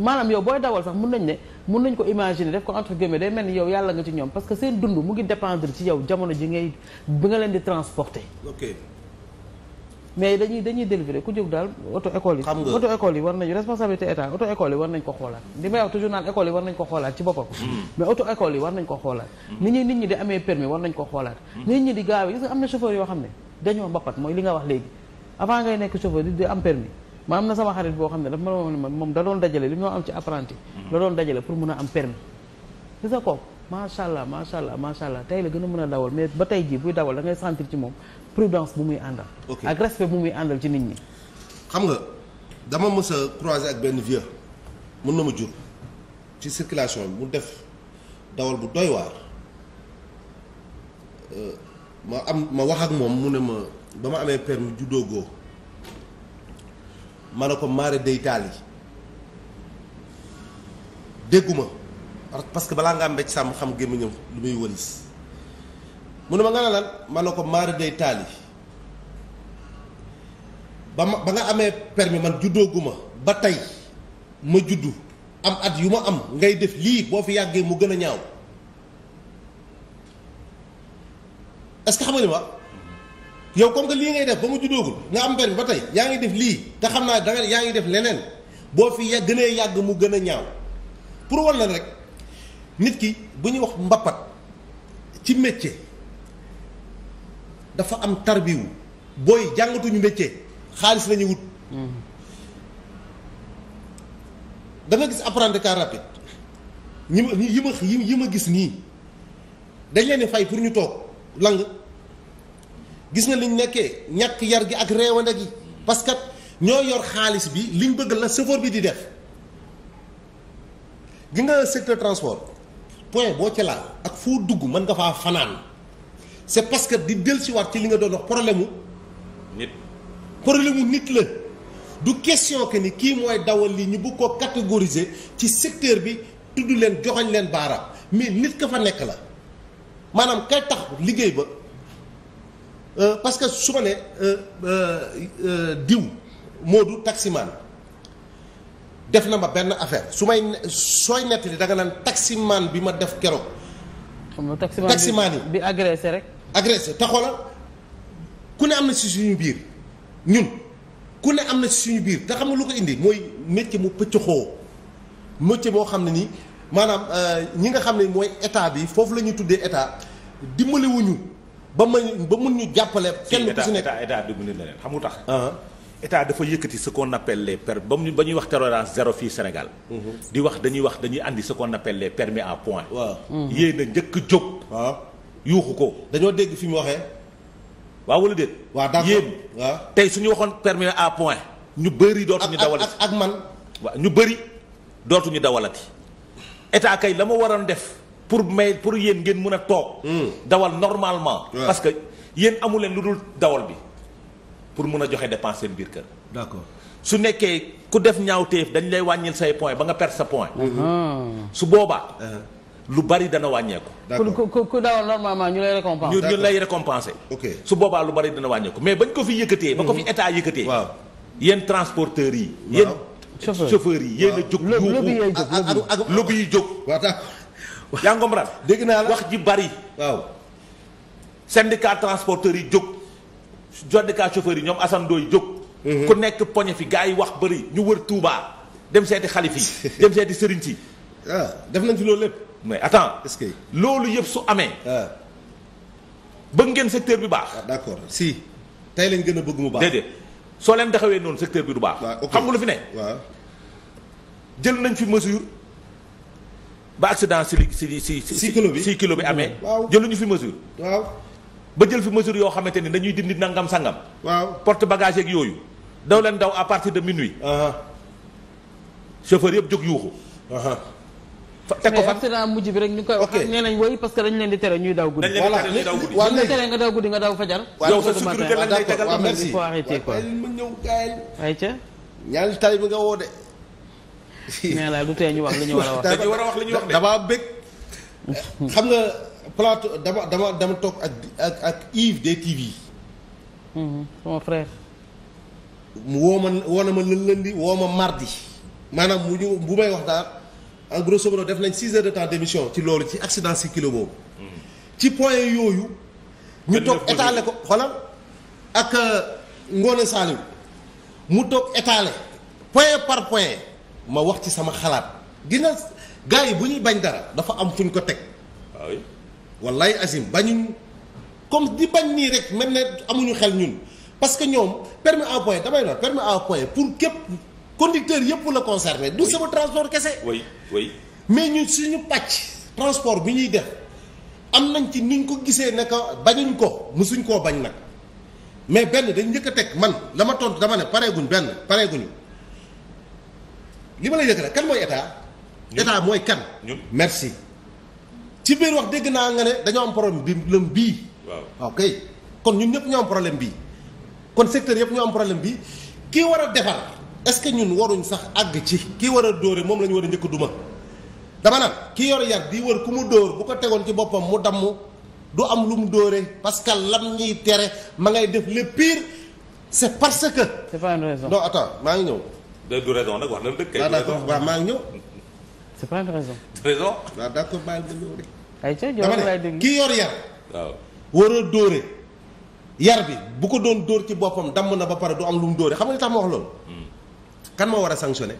maanaam yow booy dawal sax mun nañ ne mun nañ ko imaginer def ko entre guillemets day mel ni yow yàlla nga ci ñoom parce que seen dund mu ngi dépendre ci jamono ji ngay bi nga leen di transporter ok mais dañuy dañuy délivrer ku jóg daal auto école yi auto école yi war nañu responsabilité état auto école yi war nañ ko xoolaat li may wax toujours naan école yi war nañ ko xoolaat ci boppam mm. mais auto école yi war nañ ko xoolaat mm. nit ñi nit ñi di amee permis war nañ ko xoolaat mm. nit ñi di gaawe gis nga am na chauffeur yoo xam ne dañoo mbappat mooy li nga wax léegi avant ngay nekk chauffeur di di am permis ma am na sama xarit boo xam ne dafa ma moom da doon dajale li mu am ci apprenti la doon dajale am permis gis nga macha allah macha allah tey la gën a mën a dawal ba tey jii buy dawal da ngay sentir ci prudence bu muy àndal. ak respect bu muy àndal ci nit ñi. xam nga dama mës a croiser ak benn vieux mën na ma jur ci circulation bi mu def dawal bu doy waar euh, ma am ma wax ak moom mu ne ma ba ma amee permis juddoo goo ma ne ko maare day taal yi dégguma parce que balaa nga am becc sàmm xam gémmiñam lu muy wëlis mu ne ma nga ne lan ma ne ko maari day taali ba ma ba nga amee permi man juddooguma ba tey ma juddu am at yu ma am ngay def lii boo fi yàggee mu gën a ñaaw est-ce que xam nga li ma yow comme que lii ngay def ba mu juddoogul nga am permis ba tey yaa ngi def lii te xam naa danga yaa ngi def leneen boo fi ya gën yàgg mu gën a ñaaw pour walla rek nit ki bu ñuy wax mbappat ci métier. dafa am tarbiwu booy jàngatuñu métier xaalis la ñu wut. da nga gis apprendre car rapide ñi ma yi ma yi ma gis nii dañ leen di fay pour ñu toog lang gis nga liñ nekkee ñàkk yar gi ak réewande gi parce que ñoo yor xaalis bi liñ bëgg la chauffeur bi di def gi nga secteur transport point boo ci ak foo dugg mën nga faa fanaan. c'est parce que di dellusiwaat ci li nga doon wax problème mu nit la du question que ni kii mooy dawal lii ñu bëgg koo catégoriser ci secteur bi tudd leen joxañ leen baaraam mais nit ka fa nekk la maanaam kay tax liggéey ba euh, parce que su ma ne euh, euh, diw Modou taximan def na ma benn affaire su may sooy nettali da nga naan taximan bi ma def keroog. xam nga taximan bi taximan yi bi agressé rek. agressé te xoolal ku ne am na si suñu biir ñun ku ne am na si suñu biir te xam nga lu ko indi mooy métier mu pëccëxoo métier boo xam ne nii maanaam euh, ñi nga xam ne mooy état bi foofu la ñuy tuddee état dimbaliwuñu ba ma ba mun ñu jàppale. fenn ku si nekk état état dimbali na leen tax. Ah. état dafa yëkkati ce qu'on appelle les per ba mu ba ñuy wax tolérance zéro fii Sénégal. Mhm. di wax dañuy wax dañuy andi ce qu'on appelle les permis point. waaw yéen a njëkk jóg. Ah. yuuxu ko dañoo dégg fi mu waxee. waaw wala déet. waaw yéen. tey su ñu waxoon permis à point ñu bëri dootuñu. dawalati ak man. waaw ñu bëri dootuñu dawalati état kay la ma waroon def pour may pour yéen ngeen mën a toog. Hmm. dawal normalement. parce que yéen amu leen lu dul dawal bi pour mën a joxe dépense seen biir kër. d'accord su nekkee ku def ñaaw téef dañ lay wàññil say point ba nga perdre sa point. Mm-hmm. su boobaa. Uh-huh. lu bari dana wàññeeku. ku ku ku dawal normalement ñu lay récompenser. ñu lay récompenser. su boobaa lu bari dana wàññeeku mais bañ ko fi yëkkatee. ba ko fi mhm. état yëkkatee. waaw yéen transporteurs yi. yéen chauffeurs yi yéen a jóg. lobby yi jóg yaa ngi comprendre dégg naa la wax ji bari. waaw syndicat transporteurs yi jóg. syndicat chauffeurs yi ñoom Assane Ndoye jóg. Mhm. ku nekk poñe fi gars yi wax bëri ñu wër tuubaa dem seeti xalif yi dem seeti sëriñ si. Ah, def nañ fi loolu lépp. mais attends est-ce que loolu yëpp su amee. Ah. bëgg ngeen secteur bi baax. waaw ah, d'accord si tey lañ gën a bëgg mu baax. soo leen taxawee noonu secteur bi du baax. Ah, xam nga lu fi ne. waaw jël nañ fi mesure ba accident si si si si. si kilo bi si kilo bi amee. waaw jëluñu fi mesure. ba jël fi mesure yoo xamante ni dañuy dindi nangam sangam. waaw porte bagage yooyu. daw leen daw à parti de minuit. chauffeur yëpp jóg yuuxu. teg ko fan mais accident mujj bi rek ñu koy nee nañ woy parce que dañ leen di tere ñuy daw guddi. dañ di tere ñuy daw guddi tere nga daw guddi nga daw fajar. yow sa sécurité lañ lay tegal nga woo de. mais la du ñu wax li ñu war a wax. dañu war a wax li ñu wax de damaa bëgg. nga plateau dama dama dama toog ak ak ak Yves des TV. Mhm, sama frère. mu woo ma woo na ma lëndi woo ma mardi maanaam mu ñu bu may wax daal. en grosso modo def nañ six heures de temps d'émission ci loolu ci accident si kilo boobu. ci point yooyu. ñu toog étaler ko xoolal ak euh, Ngone Saliou mu toog étaler point par point ma wax ci sama xalaat gina gars yi bu ñuy bañ dara dafa am fuñ ko teg. waaw ah wallaay Azim bañuñ comme di bañ nii rek mel ne amuñu xel ñun parce que ñoom permis à point damay na permis à point pour képp. conducteur yëpp la concerné du sama transport kese oui oui mais ñun suñu pàcc transport bi ñuy def am nañ ci niñ ko gisee ne que bañuñ ko musuñ koo bañ nag mais benn dañ njëkk a teg man la ma tontu dama ne pareeguñ benn pareeguñu li ma lay yëg kan mooy état état mooy kan merci ci biir wax dégg naa nga ne dañoo am problème bi lëm bii waaw ok kon ñun ñëpp ñoo am problème bii kon secteur yëpp ñoo am problème bii ki war a defar est-ce que ñun waruñ sax àgg ci kii war a dóore moom la ñu war a njëkk duma dama naan kii yor yar di wër ku mu dóor bu ko tegoon ci boppam mu damm du am lu mu dóore parce que lam ñuy tere ma ngay def le parce que. c'est maa ngi ñëw. de du raison nag wax na dëgg. kay ah, maa ngi ñëw. c'est pas une raison. raison. waaw ah, d'accord ngi yor yar. waaw war a dóore yar bi bu ko doon dóor ci boppam damm na ba pare du am lu mu dóore xam nga li tax ma wax loolu. Hmm. kan moo war a sanctionné.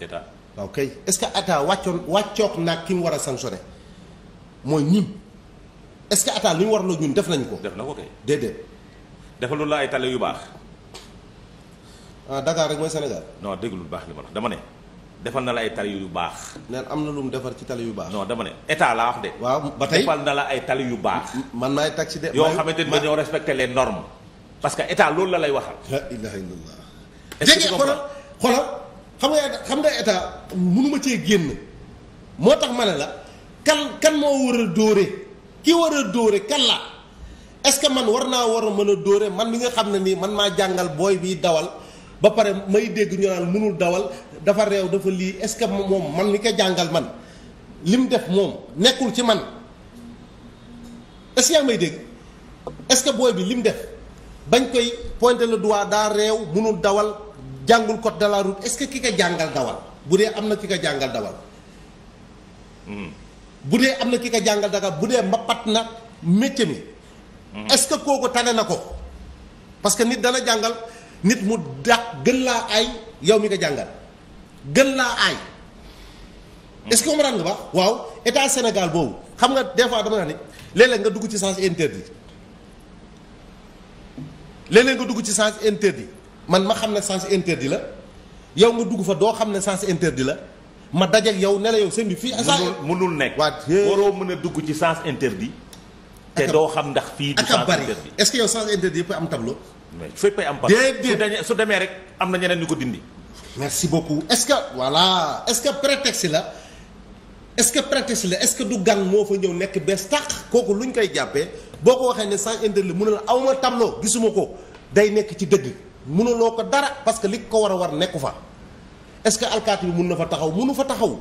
état waaw kay est-ce que atta wàccoon wàccoog naag ki mu war a sanctionné mooy ñim est-ce que atta li ñu waroon ñun def nañ ko. def na ko kay déedéet. defalul la ay tali yu baax. ah rek mooy Sénégal. noo déglul baax li ma wax dama ne. defal na la ay tali yu baax. neen am na lu mu defar ci tali yu baax. noo dama ne état laa wax de. waaw ba tey defal na la ay tali yu baax. man maay taxi de. yoo xamante ni dañoo respecté les normes. parce que état loolu la lay waxal. la ilaha illallah. est xoolal xam nga xam nga état mënuma cee génn moo tax ma ne la kan kan moo war a dóore ki war a dóore kan la est-ce que man war naa war a mën a dóore man mi nga xam ne nii man maa jàngal booy bii dawal ba pare may dégg ñu naan mënul dawal dafa réew dafa lii est-ce que moom man mi ko jàngal man lim def moom nekkul ci man est-ce may dégg est-ce que booy bi lim def bañ koy pointer le doigt daa réew mënul dawal. jàngul code de la route est-ce que ki ka jàngal dawal bu dee am na ki ka jàngal dawal. Hmm. bu dee am na ki ka jàngal dawal bu dee mbapat na métier mi. Hmm. est que kooku tane na ko. parce que nit dana jàngal nit mu dàq gën laa aay yow mi ko jàngal gën laa aay. Hmm. est-ce que comprendre nga ba waaw état Sénégal boobu xam nga des fois dama naa ni léeg nga dugg ci sens interdit léeg-léeg nga dugg ci sens interdit. man ma xam ne sens interdit la yow ma dugg fa doo xam ne sens interdit la ma dajal yow ne la yow seen bi fii. mënul mënul nekk waaw waroo mën a dugg ci sens interdit. te doo xam ndax fii du sens interdit est-ce que yow yëpp am tableau. mais fépp ay am par su demee rek am na ñeneen ñu ko dindi. merci beaucoup est-ce que voilà est-ce que prétexte la est-ce que prétexte la est-ce que du gang moo fa ñëw nekk bees tàq kooku lu ñu koy jàppee boo ko waxee ne sens interdit la mu ne la awma tableau gisuma ko day nekk ci dëgg. mënuloo ko dara parce que li ko war a war nekku fa est-ce que alkaati bi mun na fa taxaw munu fa taxaw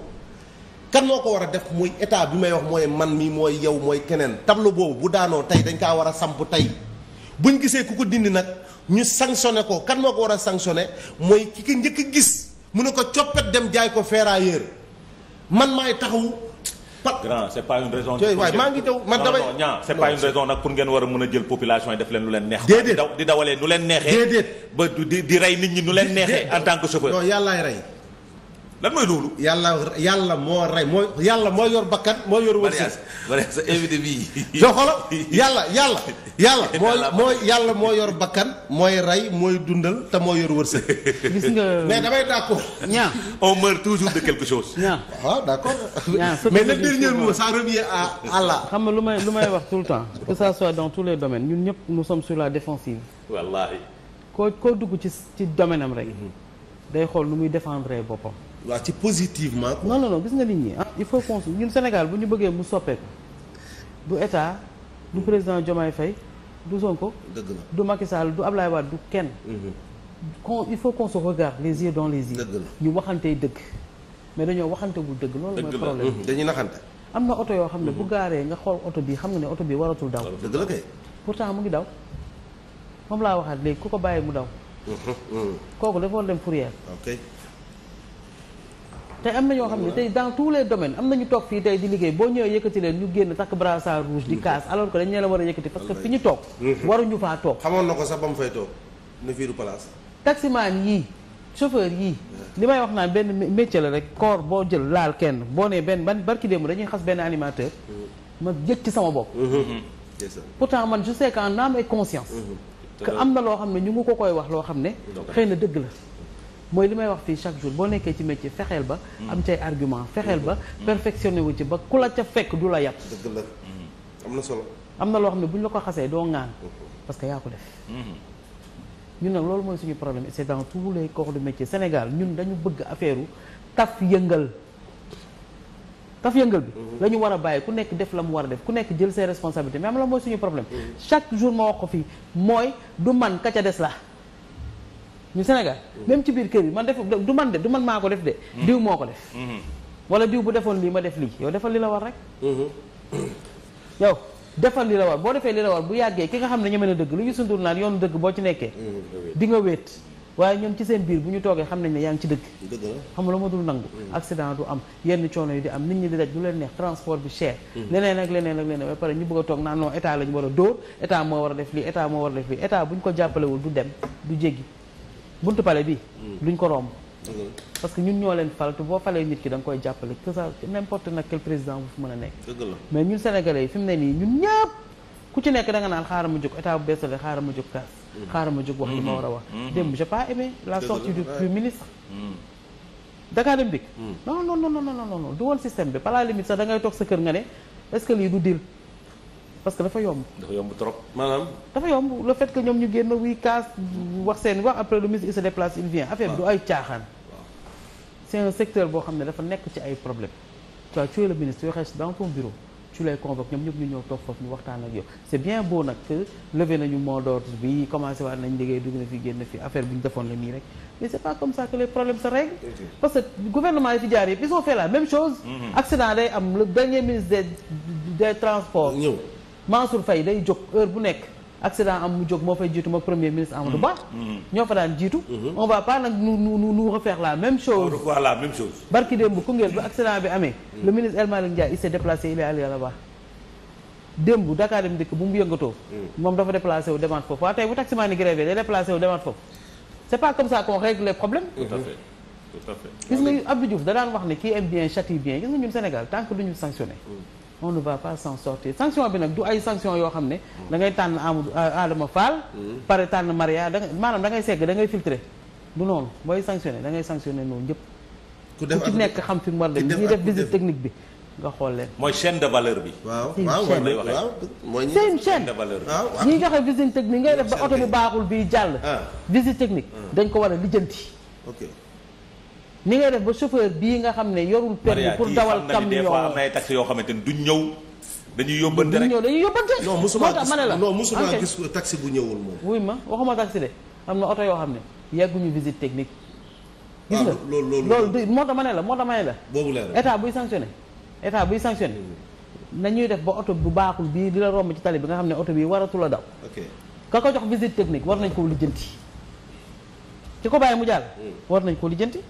kan moo ko war a def muy état bi may wax mooy man mii mooy yow mooy keneen tableau boobu bu daanoo tey dañ kaa war a samp tey bu ñu gisee ku ko dindi nag ñu sanctionné ko kan moo ko war a sanctionné mooy ki ko njëkk gis mu ne ko coppet dem jaay ko ferrailleur man maay taxawu grand c'est pas une raison. nag pour ngeen war a mën a jël population yi def leen lu leen neex. di dawalee nu leen neexee. di di rey nit ñi nu leen neexee. en tant que chauffeur non yàllaay rey. lan mooy loolu. yàlla yàlla moo rey moo yàlla moo yor bakkan moo yor. wërsëg mariage sa invité bii. soo xoolal yàlla yàlla. yàlla moo moo yàlla moo yor bakkan mooy rey mooy dundal te moo yor wërsëg. gis nga mais damay d'accord. ñaa on meurt toujours de quelque chose. ñaa waaw ah, d'accord. mais le dernier mot ça revient à Allah. xam nga lu may lu may wax tout le temps que ça soit dans tous les domaines ñun ñëpp nous sommes sur la défensive. wallaahi. koo koo dugg ci ci domaine am rek. Mhm. day xool nu muy défendre boppam. waaw ci positivement quoi. non non non gis nga nit ñi ah il faut qu'on ñun Sénégal ñu bëggee mu soppeeku du état du président Diomaye Faye du Sonko. dëgg du Macky Sall du Ablaye Wade du kenn. kon mhm. il faut qu'on se regarde les yeux dans les yeux. ñu waxantey dëgg. mais dañoo waxantewul dëgg loolu mooy problème mhm. dañuy naxante. am na oto yoo xam ne bu mhm. gaaree nga xool oto bi xam nga ne oto bi waratul daw. dëgg la kay. pourtant mu ngi daw laa waxaat léegi ku ko bàyyi mu daw. kooku dafa war dem fourrière. ok. te am na ñoo xam ne te dans tous les domaines am nañu toog fii tey di liggéey boo ñëwee yëkkati leen ñu génn takk brassard rouge di kaas alors que dañ ne la war a yëkkati parce que fi ñu toog mhm. waruñu faa toog xamoon na ko sax ba mu fay toog ne fii du place taximaan yii chauffeur yii li may wax naan benn métier la rek koor boo jël laal kenn boo nee benn ban barki démb dañuy xas benn animateur mhm. ma yëg ci sama bopp mhm. pourtant man je sais qu'en âme et conscience am na loo xam ne ñu ngi ko koy wax loo xam ne xëy na dëgg la mooy li may wax fii chaque jour boo nekkee ci métier fexeel ba. Hmm. am cay argument fexeel ba. Hmm. perfectionné wu ci ba ku la ca fekk du la yàpp. dëgg la hmm. am na solo. am na loo xam ne bu ñu la ko xasee doo ŋaan. parce que yaa ko def. ñun nag loolu mooy suñu problème et c'est dans tous les corps de métier Sénégal ñun dañu bëgg affaire taf yëngal. taf yëngal bi la war a bàyyi ku nekk def la mu war a def ku nekk jël ses responsabilités mais am la suñu problème chaque jour moo wax ko fii mooy du man ka ca des la ñu Sénégal même ci biir kër yi man def du man de du man maa ko def de mm-hmm. diw moo ko def mm-hmm. wala diw bu defoon lii ma def lii yow defal li la war rek mm-hmm. yow defal li la war boo defee li la war bu yàggee ki nga xam ne ñeme na dëgg lu ñu sundur naan yoonu dëgg boo ci nekkee di nga wéet waaye ñoom ci seen biir bu ñu toogee xam nañ ne yaa ngi ci dëgg xam la ma dul nangu accident du am yenn coono yu di am nit ñi di daj lu leen neex transport bi cher leneen ak leneen ak leneen ba pare ñu toog naan non état war a dóor a def lii état moo war bu ko jàppalewul du dem du buntu pale bi mm. duñ ko romb mm-hmm. parce que ñun ñoo leen fal boo falee nit ki da nga koy jàppale que ça n'importe nag quel président bu fi mën a nekk mais ñun sénégalais yi fi mu ne nii ñun ñëpp ku ci nekk da naan xaaral ma jóg état bu beesale xaaral ma jóg kaas mm-hmm. xaaral ma jóg wax li ma war a wax mm-hmm. démb j'ai pas aimé la sortie du du ministre mm. Dakar Dem Dikk mm. non non non non non non non du woon système bi par la limite sax da ngay toog sa kër nga ne est-ce que parce que dafa yomb. dafa yomb trop maanaam. dafa yomb le ñoom ñu génn wuy kaas wax seen wax après le ministre il se il vient. affaire bi du ay caaxaan. c'est un secteur boo xam ne dafa nekk ci ay problème tu vois tu es le ministre yoo lay convoque ñoom ñëpp ñu ñëw toog foofu ñu waxtaan ak yow c'est bien beau nag que levé nañu mot d'ordre bi commencé waat nañ liggéey dugg na fi génn fi affaire bu ñu defoon la nii rek mais c'est pas comme ça que les problèmes se règlent parce que gouvernement yi fi jaar yëpp ils ont fait la même chose mm-hmm. accident Mansour Faye day jóg heure bu nekk accident am mu jóg moo fay jiitu moog premier ministre Amadou Ba. Mm. Mm. ñoo fa daan jiitu. Mm-hmm. on va pas nag nous nous nous la même chose. on la même chose. barki démb Koungheul bu mm. accident bi amee. le ministre El Malick Ndiaye il s'est déplacé il est allé là démb Dakar dem dikk bu mu yëngatoo. moom dafa déplacé wu demaat foofu waaye tey bu taximaan yi grévé day déplacé wu demaat foofu. c'est pas comme ça qu'on règle les tout à fait tout à fait. gis nga da daan wax ne qui aime bien châtie bien gis tant que duñu sanctionné. on ne va pas s'en sortir sanction bi nag du ay sanction yoo xam ne da ngay tànn Amadou euh, Adama Fall mm. pare tànn Maria da maanaam da ngay segg da ngay filtrer du noonu mooy sanctionné da ngay sanctionné noonu yëpp ku ci nekk xam fi mu war dem ñi def visite technique bi nga xool leen mooy chaîne de valeur bi. waaw waaw waaw mooy chaîne de valeur bi ñi joxe visite technique ngay def ba oto bu baaxul bii jàll ah. visite technique ah. dañ ko war a lijjanti ok ni ngay def ba chauffeur bii nga xam ne yorul permis pour dawal camion des fois am na ay taxi yoo xamante ni duñ ñëw dañuy yóbbante rek dañuy yóbbante non musuma gis non musuma tax taxi bu ñëwul moom wuy ma waxuma taxi de am na oto yoo xam ne yàgguñu visite technique ah, gis nga loolu loolu moo tax ma ne la moo tax ma ne la boobu la état buy sanctionné état buy sanctionné mm-hmm. nañuy def ba oto bu baaxul bii di la romb ci tali bi nga xam ne oto bii waratu la daw ka ko jox visite technique war nañ koo lijjanti ci ko bàyyi mu jàll mm. war nañ koo lijjanti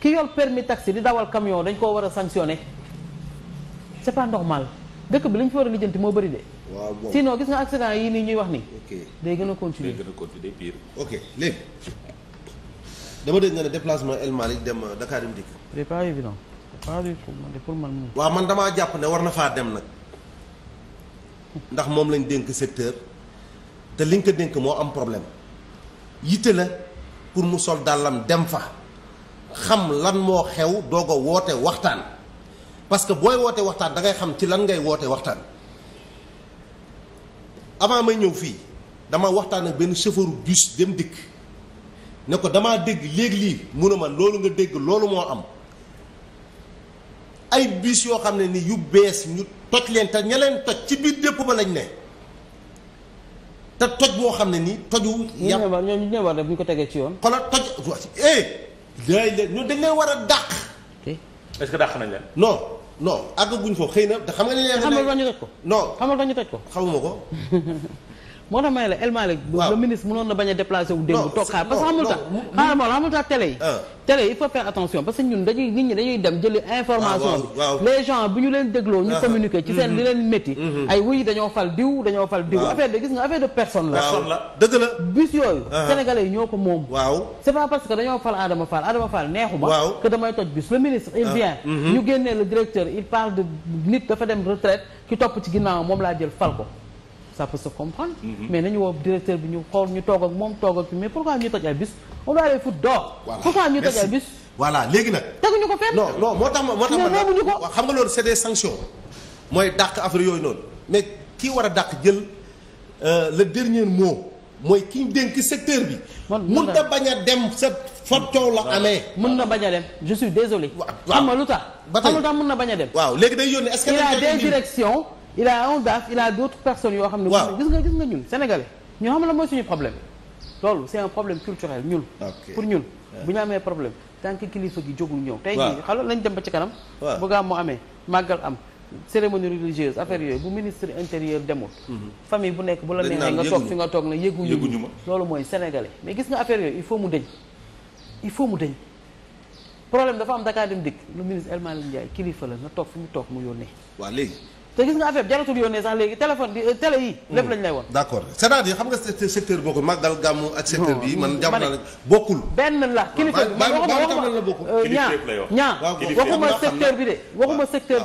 ki yor permis taxi di dawal camion dañ koo war a sanctionné c'est pas normal dëkk bi li ñu fi war a lijjanti moo bari de. waaw bon sinon gis nga accident yi nii ñuy wax nii. ok day gën a continuer day gën a dama dégg nga ne déplacement El Malick dem Dakar Dem Dikk. c'est pas évident c'est pas du tout man de pour man moom. waaw man damaa jàpp ne war na faa dem nag ndax moom lañ dénk secteur te liñ ko dénk moo am problème yitte la pour mu sol dàllam dem fa. xam lan moo xew doog a woote waxtaan parce que booy woote waxtaan da ngay xam ci lan ngay woote waxtaan avant may ñëw fii dama waxtaan ak benn chauffeur bus dem dikk ne ko damaa dégg léegi lii mu ma loolu nga dégg loolu moo am ay bus yoo xam ne ni yu bees ñu toj leen te ña leen toj ci biir dépp ba lañ ne te toj boo xam ne ni toju. yàpp ñu ne war bu ñu ko tegee ci yoon. xoolal toj eh. jaay de ñun dañ leen war a dàq. est-ce que dàq nañ leen. no non àggaguñ foofu xëy na te xam nga ne. xam nga ñu toj ko. non xam nga ñu toj ko. xamuma ko. moo tax may la El Malick le ministre mënoon na bañ a déplacé wu démb toog xaar parce que xamul tax xaaral ma xamul tax télé yi ah. télé yi il faut faire attention dañuy dem jëli information ah, bi les gens bu leen dégloo ñu ah, communiquer ci seen mm-hmm. li leen métti mm-hmm. ay wuy dañoo fal diw dañoo fal diw affaire de gis nga affaire de personne la dëgg la bus yooyu sénégalais ñoo ko moom c'est pas parce que dañoo fal Adama Fall Adama Fall neexuma que damay toj bus le ministre il vient mm-hmm. ñu génnee le directeur il parle de nit dafa dem retraite ki topp ci ginnaaw moom laa jël fal ko sa peut se comprendre. Mhm. mais nañu woo directeur bi ñu xool ñu toog ak moom toog ak mais pourquoi ñuy toj ay bus on doit aller foot dehors. voilà pourquoi ñuy toj ay bus. voilà léegi nag. teguñu ko fenn. non non moo tax ma moo tax mooy dàq affaire yooyu noonu mais kii war a dàq jël euh, le dernier mot mooy ki dénk secteur bi. mun na bañ a dem sa fa coow la amee. mun na bañ a dem je suis désolé. waaw xam nga lu tax. ba tey xam mun na bañ a dem. waaw léegi day yoon ne ce que. il y a des directions. il a un DAF il a d'autres yoo xam ne. waaw gis nga gis nga ñun sénégalais ñoo xam la mooy suñu problème loolu c'est un problème culturel ñun. pour ñun bu ñu amee problème tànk kilifa gi jógul ñëw. tey jii xalal lañ dem ba ci kanam. bu bu mu amee màggal am. cérémonie religieuse affaire yooyu bu ministre intérieur demul. Mhm. famille bu nekk bu la neexee nga toog fi nga toog ne yëgu ñu ma loolu mooy sénégalais mais gis nga affaire yooyu il faut mu faut mu dëñ problème dafa am Dakar dem dikk lu ministre El Malick kilifa la nga toog fi mu toog mu yónnee. waaw léegi. te gis nga affaire jaratul yónnee sax léegi téléphone bi euh, télé yi. lépp hmm. lañ lay woon. d' accord c' est à dire xam nga secteur bokkul màggal gàmmu ak secteur bi man jàpp naa ne bokkul. benn la kilifa bi man waxuma euh, ñaa secteur bi de waxuma secteur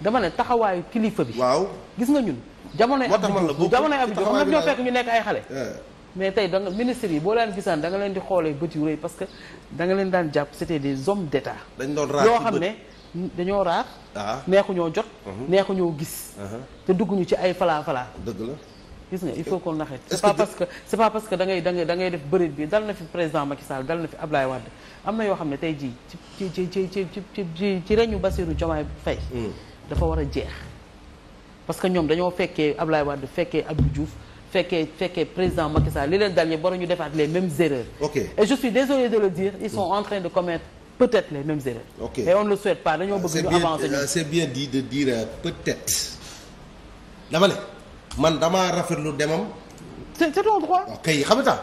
dama ne taxawaayu kilifa bi. waaw gis nga ñun. jamonoy Abdou jamonoy Abdou xam nga ñoo fekk ñu nekk ay xale. Eh. mais tey da nga ministre yi boo leen gisaan da nga leen di xoolee bët yu parce que da nga leen daan jàpp c'était des hommes d'état. dañ doon yoo xam ne dañoo raax. Ah. neexuñoo jot. neexu mhm. neexuñoo gis. Mhm. te dugg ñu ci ay falaa falaa. dëgg la. gis nga il faut qu'on arrête c'est pas parce que c'est pas parce que da ngay da ngay da ngay def bëreet bi dal na fi président Macky Sall dal na fi Abdoulaye Wade am na yoo xam ne tey jii ci ci ci ci ci ci ci reñu Bassirou Diomaye Faye mm. dafa war a jeex parce que ñoom dañoo fekkee ab Abdoulaye Wade fekkee Abdou Diouf fekkee fekkee président Macky Sall li leen dal ñu bari ñu defaat les mêmes erreurs et je suis désolé de mm. en train de commettre peut-être les mêmes erreurs. ok mais on ne le dañoo bëgg ñu avancer euh, c'est bien dit de dire euh, peut-être dama ne man rafetlu demam. c'est c'est ton droit. ok xam nga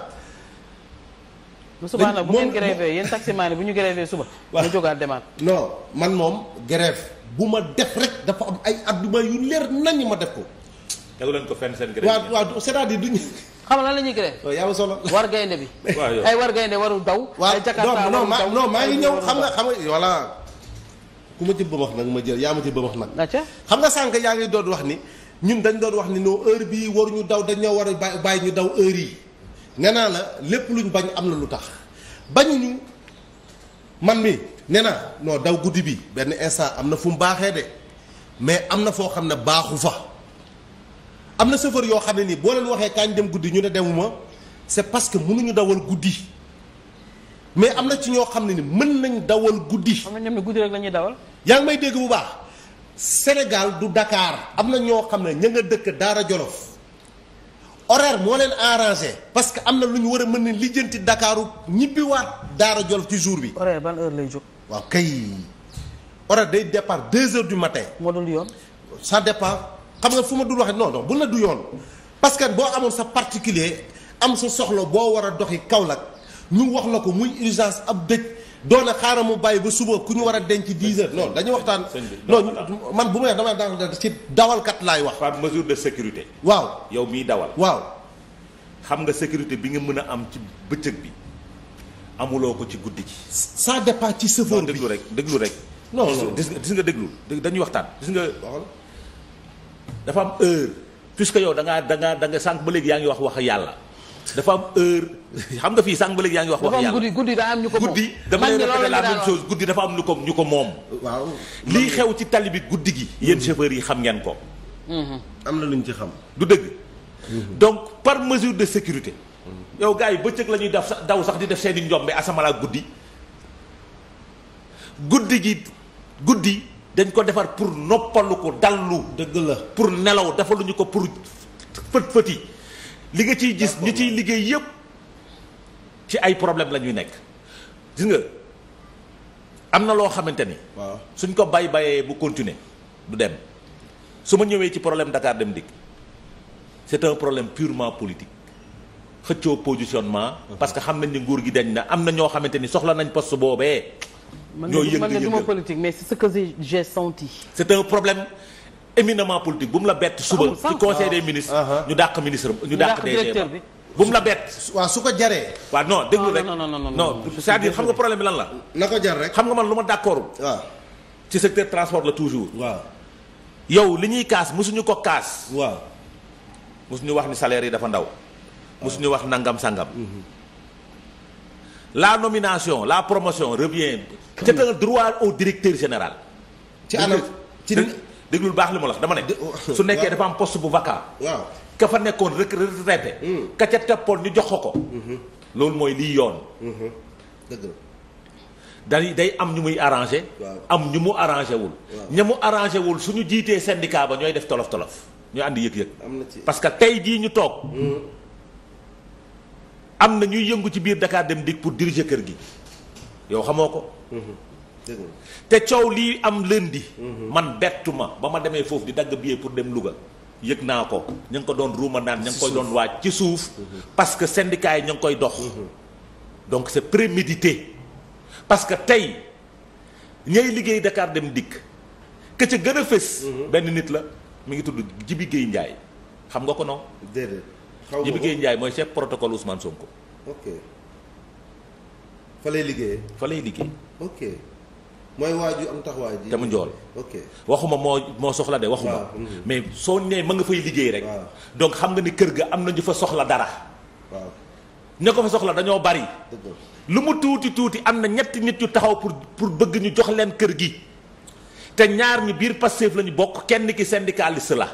bu bu ngeen grévé yéen taximaan yi bu ñu grévé suba. waaw jógaat demaat. non man moom grève bu ma def rek dafa am ay argument yu leer nañ ma def ko. tegu ko fenn seen grève. waaw waaw c'est-à-dire duñu. xam lan la ñuy créé. waaw yaa war gaynde bi. ay war gaynde waru daw. ay jakarta non maa ngi ñëw xam nga xam nga voilà. ku ma ci bëbax nag ma jël yaa ma ci bëbax nag. xam nga sànq yaa ngi doon wax ni ñun dañ doon wax ni non heure bii waruñu daw dañ ñoo war a bàyyi ñu daw heure yi nee naa la lépp luñ bañ am na lu tax bañ bañuñu man mi nee naa non daw guddi bi benn instant am na fu mu baaxee de mais am na foo xam ne baaxu fa. am na chauffeur yoo xam ne nii boo leen waxee kañ dem guddi ñu ne demuma c'est parce que mënuñu dawal guddi mais am na ci ñoo xam ne ni mën nañ dawal guddi. am na ñoom ne guddi rek la ñuy dawal. yaa ngi may dégg bu baax Sénégal du dakaar am na ñoo xam ne ña nga dëkk Daara Jolof horaire moo leen arrangé parce que am na lu ñu war a mën a lijjanti Dakaaru ñibbiwaat Daara Jolof ci jour bi. horaire ban heure lay jóg. waaw kay horaire day départ deux heures du matin. moo dul yoon. ça dépend. xam nga fu ma dul waxee non bu na du yoon parce que boo amoon sa particulier am sa soxla boo war a doxi Kaolack ñu wax la ko muy urgence ab dëj doona xaaral mu bàyyi ba suba ku ñu war a denc 10 heures non dañu waxtaan non man bu ma wax dama daa ci dawalkat laay wax par mesure de sécurité waaw yow miy dawal waaw xam nga sécurité bi nga mën a am ci bëccëg bi amuloo ko ci guddi gi ça dépend ci chauffeur bi déglu rek déglu rek non gis nga déglu dañuy waxtaan gis nga dafa am heure puisque yow da ngaa da ngaa da nga sànq ba léegi yaa ngi wax wax yàlla dafa am heure xam nga fii sànq ba yaa ngi wax wax yàlla guddi guddi daa am ko moom dama lay la même chose guddi dafa am ñu ko ñu ko moom waaw lii xew ci tali bi guddi gi yéen chauffeurs yi xam ngeen ko am na luñ ci xam du dëgg donc par mesure de sécurité yow gaa yi bëccëg la ñuy daf sax daw sax di def seeni njombe asamala guddi guddi gi guddi dañ ko defar pour noppalu ko dallu. dëgg la pour nelaw defaluñu ko pour fët fëti li nga ciy gis ñi ciy liggéey yëpp ci ay problème la ñuy nekk gis nga am na loo xamante ni. suñ ko bay bayee bu continuer du dem su ma ñëwee ci problème Dakar dem dikk c'est un problème purement politique. xëccoo positionnement. parce que xam nañ ni nguur gi dañ na am na ñoo xamante ni soxla nañ poste boobee. man duma politique mais c'est ce que j'ai senti. c'est un problème éminemment politique bu mu la bett suba. ci conseil des ministres. Ah, ah. ñu dàq ministre ñu dàq DG ba bu mu la bett. waaw su ko jaree. waaw non déglu rek no non non non c'est-à-dire xam nga problème bi lan la. na ko jar rek. xam nga man lu ma d'accord. waaw ci secteur transport la toujours. waaw yow li ñuy kaas mosuñu ko kaas. waaw mosuñu wax ni salaire yi dafa ndaw. mosuñu wax nangam sangam. Mhm. la nomination la promotion revient. c'est un droit au directeur général. ci anam ci déglul baax li ma la dama ne. su nekkee dafa am poste bu vacant. waaw ka fa nekkoon retraité. Hmm. ka ca teppoon ñu jox ko ko. Mm-hmm. loolu mooy liy yoon. Mm-hmm. dëgg day am ñu muy arrangé. am ñu mu arrangé wul. ña mu arrangé wul su ñu jiitee syndicat ba ñooy def tolof tolof ñu àndi yëg-yëg. parce que tey jii ñu toog. Mm-hmm. am na ñuy yëngu ci biir Dakar dem dik pour diriger kër gi yow xamoo ko. Mhm. te coow lii am lundi. Mhm. man bettu ma ba ma demee foofu di dagg billet pour dem Louga. yëg naa ko ña ko doon ruuma naan ña ngi koy doon waaj ci suuf. Mhm. parce que syndicat yi ña ngi koy dox. donc c'est prémédité. parce que tey ñay liggéey Dakar dem dikk ka gën a fës. benn nit la mi ngi tudd Jibi Guèye Ndiaye xam nga ko noonu. déedéet. Jibi Gueye Ndiaye mooy chef protocole Ousmane Sonko. ko fa lay liggéeyee. fa lay liggéey. ok mooy waaju am taxawaay ji. te mu njool. waxuma moo moo soxla de waxuma. Mm-hmm. mais soo nee ma nga fay liggéey rek. donc xam nga ni kër ga am na ñu fa soxla dara. waaw ko fa soxla dañoo bari. lu mu tuuti tuuti am na ñett nit yu taxaw pour pour bëgg ñu jox leen kër gi. te ñaar ñu biir Pastef la ñu bokk kenn ki syndicaliste la.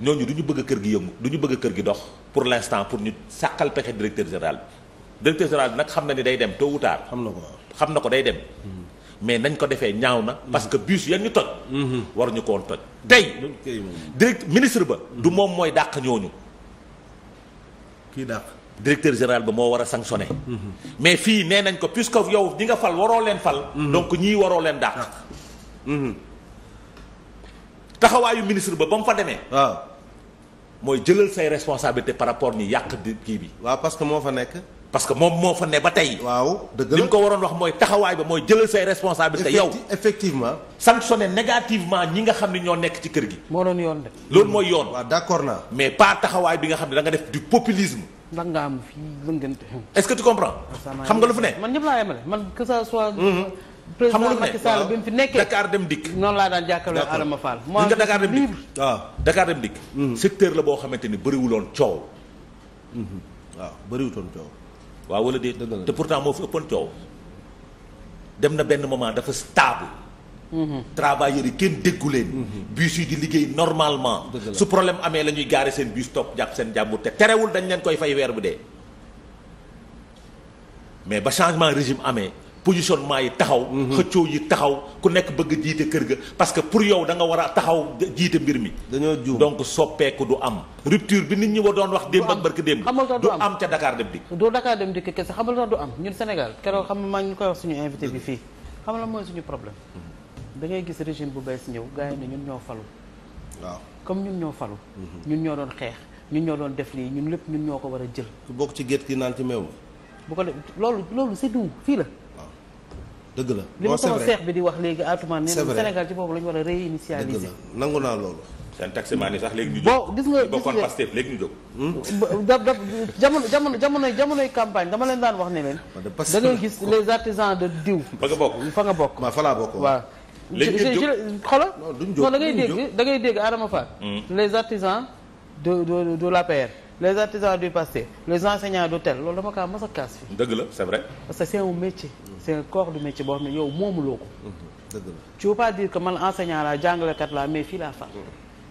ñooñu du ñu bëgg kër gi yëngu du ñu bëgg kër gi dox pour l'instant pour ñu sàqal pexe directeur général bi directeur général bi nag xam na ni day dem tôt ou tard. xam na ko xam na ko day dem. mais nañ ko defee ñaaw na. parce que bus yan ñu toj. waruñu ko woon toj. tey direct ministre ba. du moom mooy dàq ñooñu. kii dàq. directeur général ba moo war a sanctionné. mais fii nee nañ ko puisque yow ñi fal waroo leen fal. Mm-hmm. donc ñii waroo leen dàq. Ah. Mm-hmm. taxawaayu ministre ba ba mu fa demee. waaw mooy jëlal say responsabilité par rapport ni yàq di kii bi. waaw parce que moo fa nekk. parce que moom moo fa ne ba tey. waaw dëgg la li mu ko waroon wax mooy taxawaay ba mooy jëlal say responsabilité yow effectivement. sanctionné négativement ñi nga xam ne ñoo nekk ci kër gi. moo doon yoon de. loolu mooy yoon. waaw d'accord naa. mais pas taxawaay bi nga xam ne da nga def du populisme. ndax nga am fii gën est-ce que tu comprends. Ah, xam nga lu fa ne. man ñëpp laa yemale xam Macky Sall bi mu fi nekkee Dakar dem dikk. noonu laa daan jàkkaarloo Adama Fall. moom nga ah, Dakar dem dikk waaw Dakar dem dikk. secteur la boo xamante ni bëriwuloon coow. Mm-hmm. waaw bëriwutoon coow. waaw wala déet te pourtant moo fi ëppoon coow. dem na benn moment dafa stable. Mm-hmm. travailleurs yi kenn déggu leen. Mm-hmm. bus yi di liggéey normalement. su problème amee la ñuy gaare seen bus topp jàpp seen jàmbur te terewul dañ leen koy fay weer bu dee. mais ba changement régime amee. positionnement yi taxaw. Mhm. xëccoo yi taxaw ku nekk bëgg a jiite kër ga parce que pour yow da nga war a taxaw jiite mbir mi. dañoo juum donc soppeeku du am. rupture bi nit ñi wa doon wax. démb ak barki démb du am ca Dakar dem dikk. doo Dakar dem dikk kese xamal tax du am ñun Sénégal keroog xam nga maa ngi koy wax suñu invité bi fii xam la mooy suñu problème. Mhm. dangay ngay gis régime bu bees ñëw gars yi ne ñun ñoo falu. waaw comme ñun ñoo falu. Mhm. ñun ñoo doon xeex ñun ñoo doon def lii ñun lépp ñun ñoo ko war a jël. bokk ci gétt gi naan ci meew bu ko loolu loolu c'est fii la dëgg la li ma sama seex bi di wax léegi Atouma nee na ci boobu la ñu war a réinitialiser. dëgg la nangu naa loolu. seen taximaan yi sax léegi ñu jóg. bon gis nga gis nga bokkoon Pastef hmm? jamono jamono jamonoy jamonoy campagne dama leen daan wax ne leen. Ah, da ngay gis les artisans de diw. fa nga bokk fa nga bokk. waaw fa laa bokk da ngay dégg da ngay dégg Adama Fall. Hmm. les artisans de de de l'APR. les artisans du Pastef les enseignants d'hôtel loolu dama kaa mas a kaas fii. dëgg la c'est vrai. parce c'est un corps de métier boo xam ne yow moomuloo ko. Mhm. dëgg la tu veux pas dire man enseignant laa jàngalekat laa mais fii laa far. Mhm.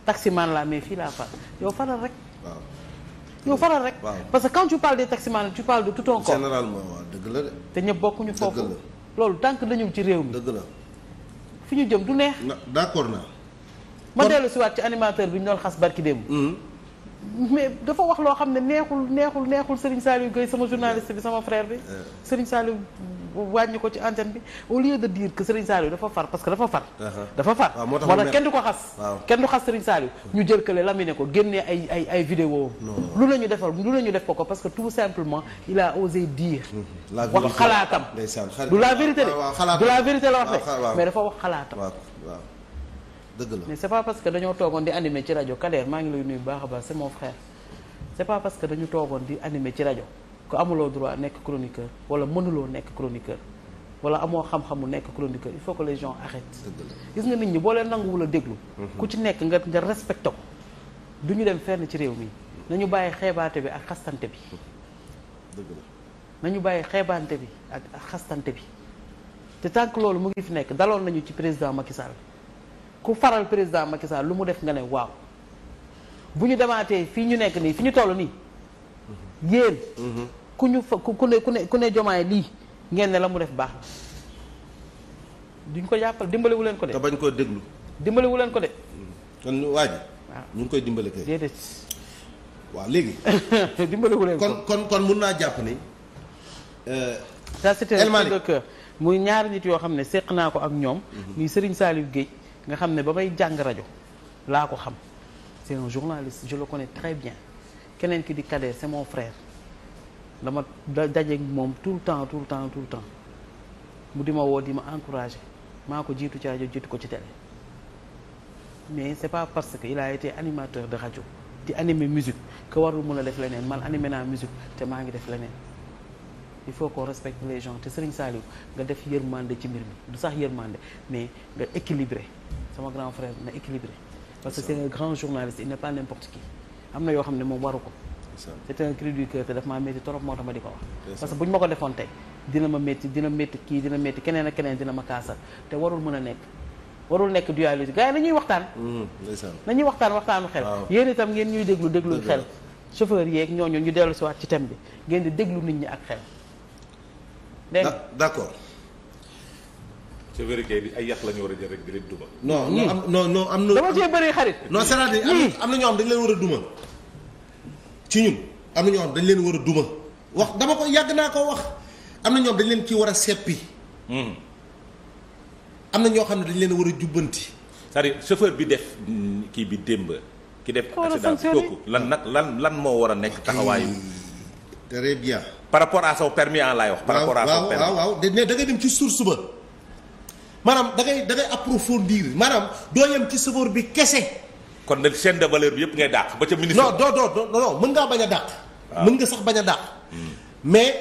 taximan laa mais fii laa far yow faral rek. waaw yow faral rek. parce que quand tu parles des taximan tu parles de tout un corps. dëgg la te ñëpp bokkuñu foofu dëgg loolu tànk que ci réew mi. dëgg la fi ñu jëm du neex. d'accord naa. ma dellu si waat ci animateur bi ñu doon xas barki démb. Mhm. mais dafa wax loo xam ne neexul neexul neexul Serigne Saliou Gueye sama journaliste bi sama frère bi euh. Serigne Saliou wàññi ko ci antenne bi au lieu de dire que Serigne Saliou dafa far parce que dafa far uh-huh. dafa ah, moo tax kenn du ko xas kenn du xas Serigne Saliou uh-huh. ñu jël kële laminé ko génne ay ay ay lu la ñu defal lu la ñu def ko ko parce que tout simplement il a osé mm-hmm. wax xalaatam du la vérité de ah, du la vérité la wax ah, mais dafa wax xalaatam dëgg la mais c'est pas parce que dañoo toogoon di animé ci rajo Kader maa ngi lay nuyu baax a baax c'est mon frère c'est pas parce dañu toogoon di animé ci rajo ko amuloo droit nekk chroniqueur wala mënuloo nekk chroniqueur wala amoo xam-xamu nekk chroniqueur il faut que les gens arrêtent. gis nga nit ñi boo leen nanguwul a déglu. Mhm. ku ci nekk nga nga respecté ko du ñu dem fenn ci réew mi nañu bàyyi xeebaate bi ak xastante bi. dëgg bàyyi xeebaante bi ak xastante bi te tant que loolu mu ngi fi nekk daloon nañu ci président Macky ku faral président Macky Sall lu mu def nga ne waaw bu ñu demaatee fii ñu nekk nii fi ñu toll nii yéen. ku ñu fa ku ne ku ne ku ne jomaay lii ngeen ne la mu def baax na duñ ko jàppal dimbale wu leen ko de. te bañ koo déglu. dimbale leen ko de. kon waa ji. waaw ñu ngi koy dimbale kay. déedéet. waaw léegi. dimbale leen ko kon kon kon mun naa jàpp ni. Euh, ça c'était de cœur muy ñaari nit yoo xam ne seq naa ko ak ñoom. Mhm. muy Serigne Saliou Guèye. nga xam ne ba may jàng rajo laa ko xam c'est un journaliste je le connais très bien keneen ki di Kader c'est mon frère dama daje moom tout le temps tout le temps tout le temps mu di ma woo di ma encourager maa ko jiitu ci rajo jiitu ko ci télé mais c'est pas parce que il a été animateur de rajo di animer musique que warul mën a def leneen man animé naa musique te maa ngi def leneen. il faut qu'on respecte les gens te Serigne Saliou nga def yërmande ci mbir mi du sax yërmande mais nga équilibré sama grand frère na équilibré parce que c'est un grand journaliste il n'est pas n'importe qui am na yoo xam ne moom waru ko c'est un cri du te daf maa métti trop moo tax ma di ko wax parce que bu ñu ma ko defoon tey dina ma métti dina métti kii dina métti keneen a keneen dina ma kaasal te warul mën a nekk warul nekk dualité gars yi nañuy waxtaan mm-hmm. nañuy waxtaan waxtaanu xel yéen itam ngeen ñuy déglu déglu xel chauffeur yeeg ñooñu ñu dellu si waat ci bi ngeen di déglu nit ñi ak xel dégg nga d' accord. c'est vrai ay yax lañu war a jël rek di leen duma. non non am non non am na. dama cee bëri xarit. non cest à am na ñoo xam dañ leen a duma. ci ñun am ñoo dañ leen war a duma. wax dama ko yàgg naa ko wax am na ñoo xam dañ leen ci war a seppi. Hmm. am na ñoo xam ne dañ leen war a jubbanti. c'est-à-dire bi def kii bi démb. ki def accident kooku lan nag lan lan moo war a nekk taxawaayu. très bien. par rapport à saw permis en laay wax. par rapport à saw permis waaw waaw waaw da ngay dem ci source ba maanaam da ngay da ngay approfondir maanaam doo yem ci sëfoor bi kese. kon nag chaîne de valeur bi yëpp ngay dàq ba ca ministre. non doo doo non non mën ngaa bañ a dàq. mën nga sax bañ a dàq. mais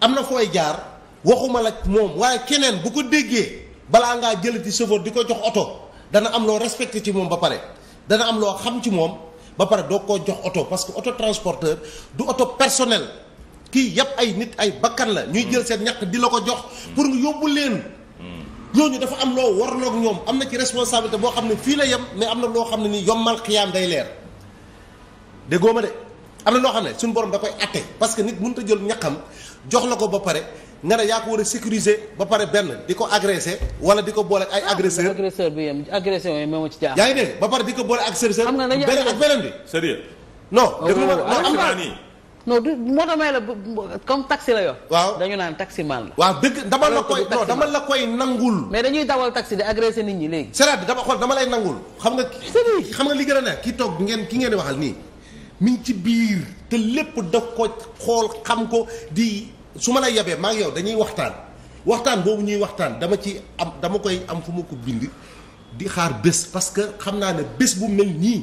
am na fooy jaar waxuma la moom waaye keneen bu ko déggee balaa ngaa jëlati sëfoor di ko jox oto dana am loo respecté ci moom ba pare dana am loo xam ci moom. ba pare doo ko jox oto parce que oto transporteur du oto personnel kii yëpp ay nit ay bakkan la. ñuy jël seen ñàkk di la ko jox. pour yóbbu leen. ñooñu dafa am loo warloog ñoom am na ci responsabilité boo xam ne fii la yem mais am na loo xam ne ni yombal xiyaam day leer déggoo ma de am na loo xam ne suñu borom da koy atte parce que nit mënut a jël ñàkkam jox la ko ba pare nga ne yaa ko war a sécuriser ba pare benn di ko agressé wala di ko boole ay ah, agresseur agresseur bi yem agression yi moo ci jaaxal. yaa ngi dégg ba pare di ko boole ak agresseur. xam nga beneen ak beneen bi. sérieux non oh, déglu am naa nii. no du moo tax may la comme taxi la yor. waaw dañu naan taximan la. waaw dëgg dama la koy non la koy nangul. mais dañuy dawal taxi di agressé nit ñi léegi. c'est-à-dire dama xool dama lay nangul xam nga. xam nga li gën a ne ki toog ngeen ki ngeen di waxal nii mi ci biir te lépp daf ko xool xam ko di su ma lay yabee maa ngi yow dañuy waxtaan waxtaan boobu ñuy waxtaan dama ci am dama koy am fu ma ko bind di xaar bés parce que xam naa ne bés bu mel nii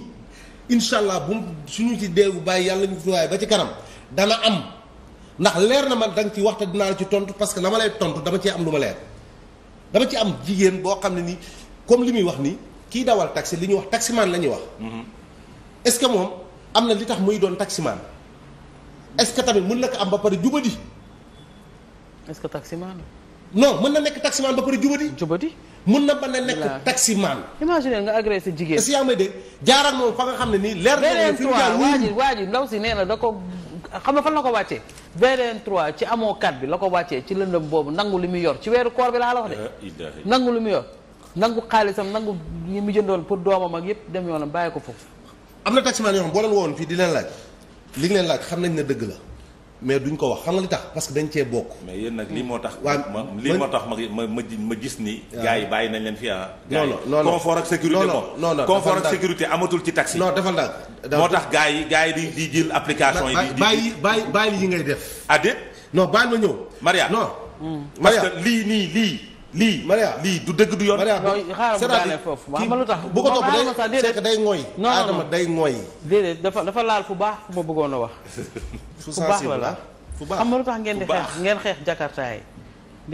incha allah bu suñu ci déggu bàyyi yàlla ñu fi waaye ci kanam. dana am ndax leer na ma da nga ci waxta dinaa la ci tontu parce que la ma lay tontu dama cee am lu ma leer dama ci am jigéen boo xam ne nii comme li muy wax ni kii dawal taxi li ñuy wax taximaan la ñuy wax. Mhm. est-ce que moom am na li tax muy doon taximaan est-ce que tamit mën na am ba pare jubadi. est-ce que taximaan. non mën na nekk taximaan ba pare jubadi. jubadi na mën na nekk taximaan. imagine nga agressé jigéen. est-ce que yaa may dégg jaar ak moom fa nga xam ne nii. leer na ne fi jaar waa ji ndaw si nee na da ko xam nga fan la ko wàccee VDN 3 ci amoo 4 bi la ko wàccee ci lëndëm boobu nangu li muy yor ci weeru koor bi laa la wax de nangu li muy yor nangu xaalisam nangu mu jëndoon pour doomam ak yépp dem yoonam bàyyi ko foofu am na taximaan yoo xam boo leen woon fii di leen laaj li ngi leen laaj xam nañ ne dëgg la mais duñ ko wax xam nga li tax parce que dañ cee bokk. mais yéen nag lii moo tax. ma lii moo tax ma ma gis ni. waaw yi bàyyi nañ leen fi ah. non non non confort ak sécurité moom confort ak sécurité amatul ci taxi. non defal daal moo tax gars yi gars yi di di jël application yi. di bàyyi bàyyi bàyyi yi ngay def. ah déet. bàyyi ma ñëw. Maria non. Hmm. parce que lii nii lii. lii Maria lii du dëgg du yoon. Maria xaaral foofu xam nga lu tax bu ko topp dafa dafa laal fu baax fu ma bëggoon a wax. fu baax la la fu baax xam nga lu tax ngeen di xeex ngeen xeex jakarta yi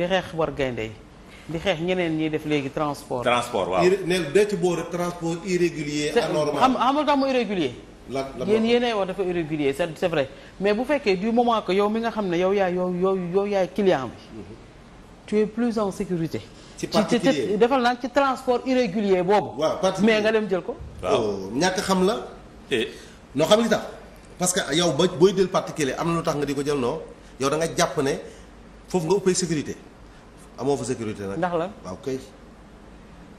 xeex war gaynde yi di xeex ñeneen ñiy def léegi transport. transport waaw ne de ci boor transport irrégulier anormal. xam xam nga lu tax dafa irrégulier c'est mais bu fekkee du moment que yow mi nga xam ne yow yaay yow yow yow yaay client bi mhm. tu es sécurité. ci particulier ci defal naa ci transport irrégulier boobu. waaw mais nga dem jël ko. waaw oh, ñàkk xam la. Eh. noo xam li tax parce que yow ba booy jël particulier am na lu tax nga di ko jël noo yow da nga jàpp ne foofu nga uppee sécurité amoo fa sécurité nag. ndax la waaw kay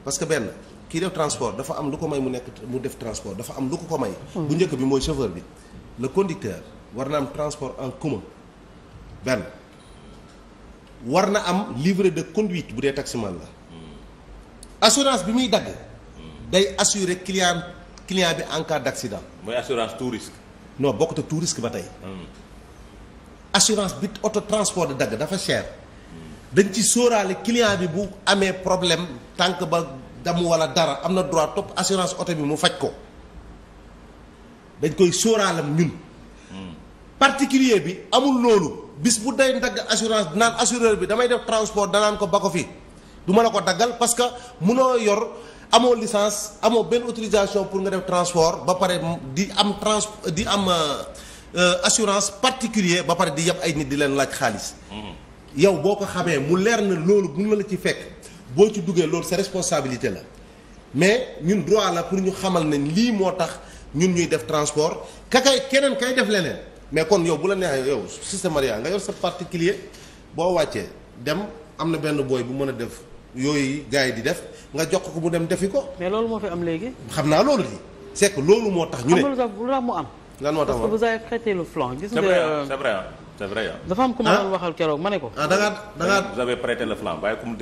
parce que benn. kii def transport dafa am lu ko may mu nekk mu def transport dafa am du ko ko may. Hmm. bu njëkk bi mooy chauffeur bi. le conducteur war naa am transport en commun benn. war na am livret de conduite bu dee taximan la assurance bi muy dagg day assurer client client bi en cas accident. mooy assurance tout risque. non bokkut ak ba tey. Hmm. assurance bi auto transport di dagg dafa cher. dañ ci sóoraale client bi bu amee problème tànk ba damu walla dara am na droit topp assurance oto bi mu faj ko dañ koy sóoraalam ñun. particulier bi amul loolu bis bu day dagg assurance naan assureur bi damay def transport danaan ko ba ko fi du ma la ko daggal parce que munoo yor amoo licence amoo benn autorisation pour nga def transport ba pare di am trans di am euh, euh, assurance particulier ba pare di yab ay nit di leen laaj xaalis. Mm-hmm. yow boo ko xamee mu leer na loolu mun na la ci fekk boo ci duggee loolu sa responsabilité la mais ñun droit la pour ñu xamal na lii moo tax ñun ñuy def transport ka keneen kay def leneen. mais kon yow bu la neexee yow systémaria nga yor sa particulier boo wàccee dem am na benn booy bu mën a def yooyu gars yi di def nga jox ko mu dem defi ko. mais loolu moo fi am léegi. xam naa loolu li c'est loolu moo tax. ñu ne xam nga lu tax mu am. lan moo tax parce que vous gis nga c'est vrai euh, c'est vrai dafa am ku ma ne ko. ah da ngaa da ngaa vous avez prêté le flanc waaye ku am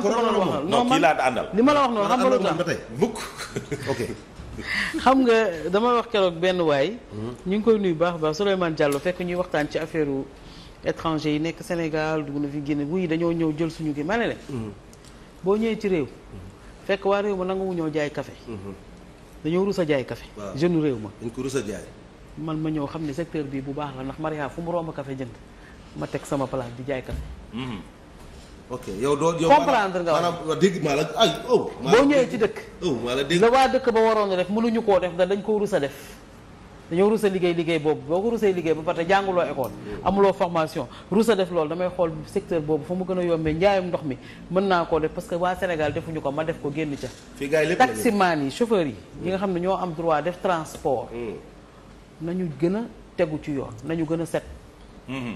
ku ma doon waxal non kii laa àndal. li ma la wax noonu xam nga lu tax ok. xam nga dama wax keroog benn waay. ñu ngi koy nuyu baax a baax Souleymane Diallo fekk ñuy waxtaan ci affaire étranger yi nekk Sénégal dugg na fi génne wuy dañoo ñëw jël suñu gi ma ne leen. Mm-hmm. boo ñëwee ci réew. Mm-hmm. fekk waa réew ma nanguwu ñoo jaay kafe mm-hmm. dañoo rus a jaay café jeune réew ma dañ ko rus man ma ñëw xam ne secteur bi bu baax la ndax Maria fu mu romb kafe jënd ma teg sama place di jaay café ok yow doo yow comprendre nga maanaam dégg maa la ay oh. boo ñëwee ci dëkk. oh maa la waa dëkk ba waroon a def mënuñu koo def dañ ko rus a def. dañoo rusa liggéey liggéey boobu boo ko rusee liggéey ba pare jànguloo école amuloo formation rusa def loolu damay xool secteur boobu fa mu gën a yombee njaayum ndox mi mën naa koo def parce que waa Sénégal defuñu ko ma def ko génn ca taximaan yi chauffeur yi yi nga xam ne ñoo am droit def transport hmm. nañu gën a tegu ci yoon nañu gën a set hmm.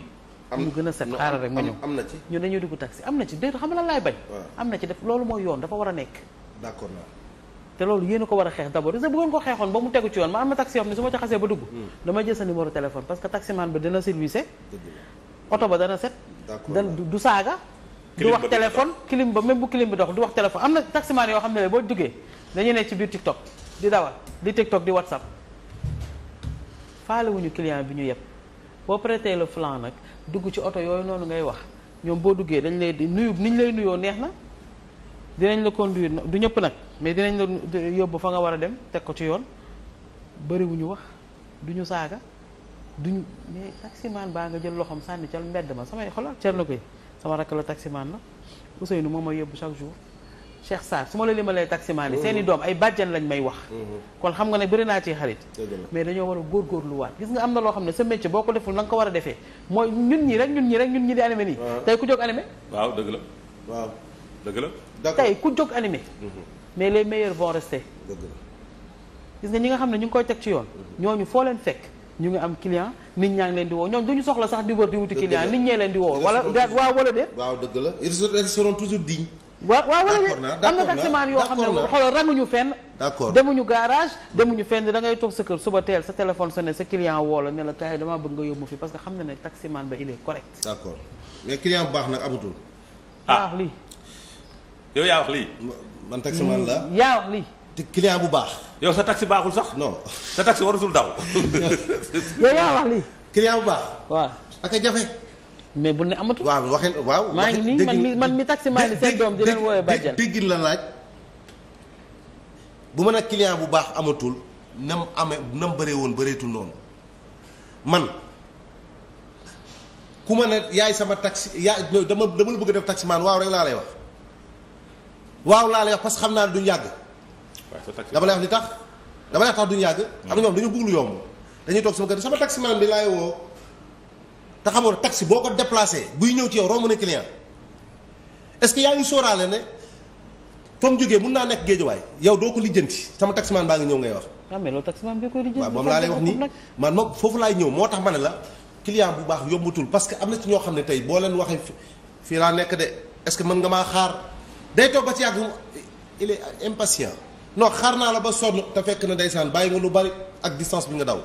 mu gën a set xaaral rek ma ñëw am na ci ñu dañuy dugg taxi am na ci déet xam lan laay bañ am na ci def loolu mooy yoon dafa war a nekk d'accord na te loolu yéen ko war a xeex d'abord bu ngeen ko xeexoon ba mu tegu ci yoon ma am na taxi yoo xam ne su ma ci xasee ba dugg hmm. damay jël sa numéro téléphone parce que ba dina service oto ba dana set du saaga wax téléphone clim ba même bu clim bi na taximan yoo xam ne boo duggee dañu ne ci biir TikTok di dawal di TikTok di WhatsApp faalewuñu client bi ñu yëpp boo prêter le flanc nag dugg ci oto yooyu noonu ngay wax ñoom boo duggee dañ lay di nuyu niñ lay nuyoo neex na dinañ la conduire du ñëpp nag mais dinañ la yóbbu fa nga war a dem teg ko ci yoon bëriwuñu wax duñu saaga duñu mais taximaan baa nga jël loxoom sànni ca mbedd ma samay xolal cer na koy sama rakk la taximaan la Ousseynou moom ma yóbbu chaque jour Cheikh Sarr su ma la limalee taxi man yi mm-hmm. doom ay bàjjan lañ may wax mm-hmm. kon xam nga ne bëri naa ci xarit mais dañoo war a góor góor góorgóorluwaat gis nga am na loo xam ne sa métier boo ko deful na nga ko war a defee mooy ñi rek ñun ñi rek ñun ñi di animé nii tey ku jóg animé waaw dëgg la waaw dëgg la tey ku jóg animé mm-hmm. mais les meilleurs vont rester dëgg la gis nga ñi nga xam ne ñu ngi koy teg ci yoon ñooñu foo leen fekk ñu ngi am client nit ñaa ngi leen di woo ñoom duñu soxla sax di wër di wuti client nit ñee leen di woo wala waaw wala déet waaw dëgg la ils seront toujours dignes waaw waaw wala am na taximaan yoo xam ne xoolal ranguñu fenn d'accord demuñu garage demuñu fenn da ngay toog sa kër suba teel sa téléphone sonné sa client woo la ne la kaay damaa bëgg nga yóbbu fi parce que xam na ne taximaan ba il est correct d'accord mais client bu baax nag amatul ah lii yow yaa wax lii man taximaan la mm, yaa wax lii te client bu baax yow sa taxi baaxul sax non sa taxi waratul daw yow yaa wax lii client bu baax waaw ak a jafe mais bu ne amatul waaw waxin waaw. maa ngi nii man mi man mi taxi maa ngi seen doom di leen woowee bàjjen déggin la laaj bu mën a client bu baax amatul nam amee nam bëree woon bëreetul noonu man ku ma a yaay sama taxi yaay dama dama la bëgg def taxi man waaw rek laa lay wax waaw laa lay wax parce que xam naa ne duñ yàgg. dama lay wax li tax dama lay wax tax du yàgg. am na ñoom dañu bëgg lu yomb dañuy toog sama kër sama taxi man laay woo. te xamoon taxi boo ko déplacé buy ñëw ci yow romb na client est-ce que yaa ngi sóoraale ne fa mu jógee mun naa nekk géejawaay yow doo ko lijjanti sama man baa ngi ñëw ngay wax. ah mais loolu taximaan bi koy lijjanti. waaw moom laa lay wax nii man foofu laay ñëw moo tax ma ne la client bu baax yombatul parce que am na ci ñoo xam ne tey boo leen waxee fii laa nekk de est que mën nga maa xaar day toog ba ci yàgg il est impatient non xaar naa la ba sonn te fekk na ndeysaan bàyyi nga lu bari ak distance bi nga daw.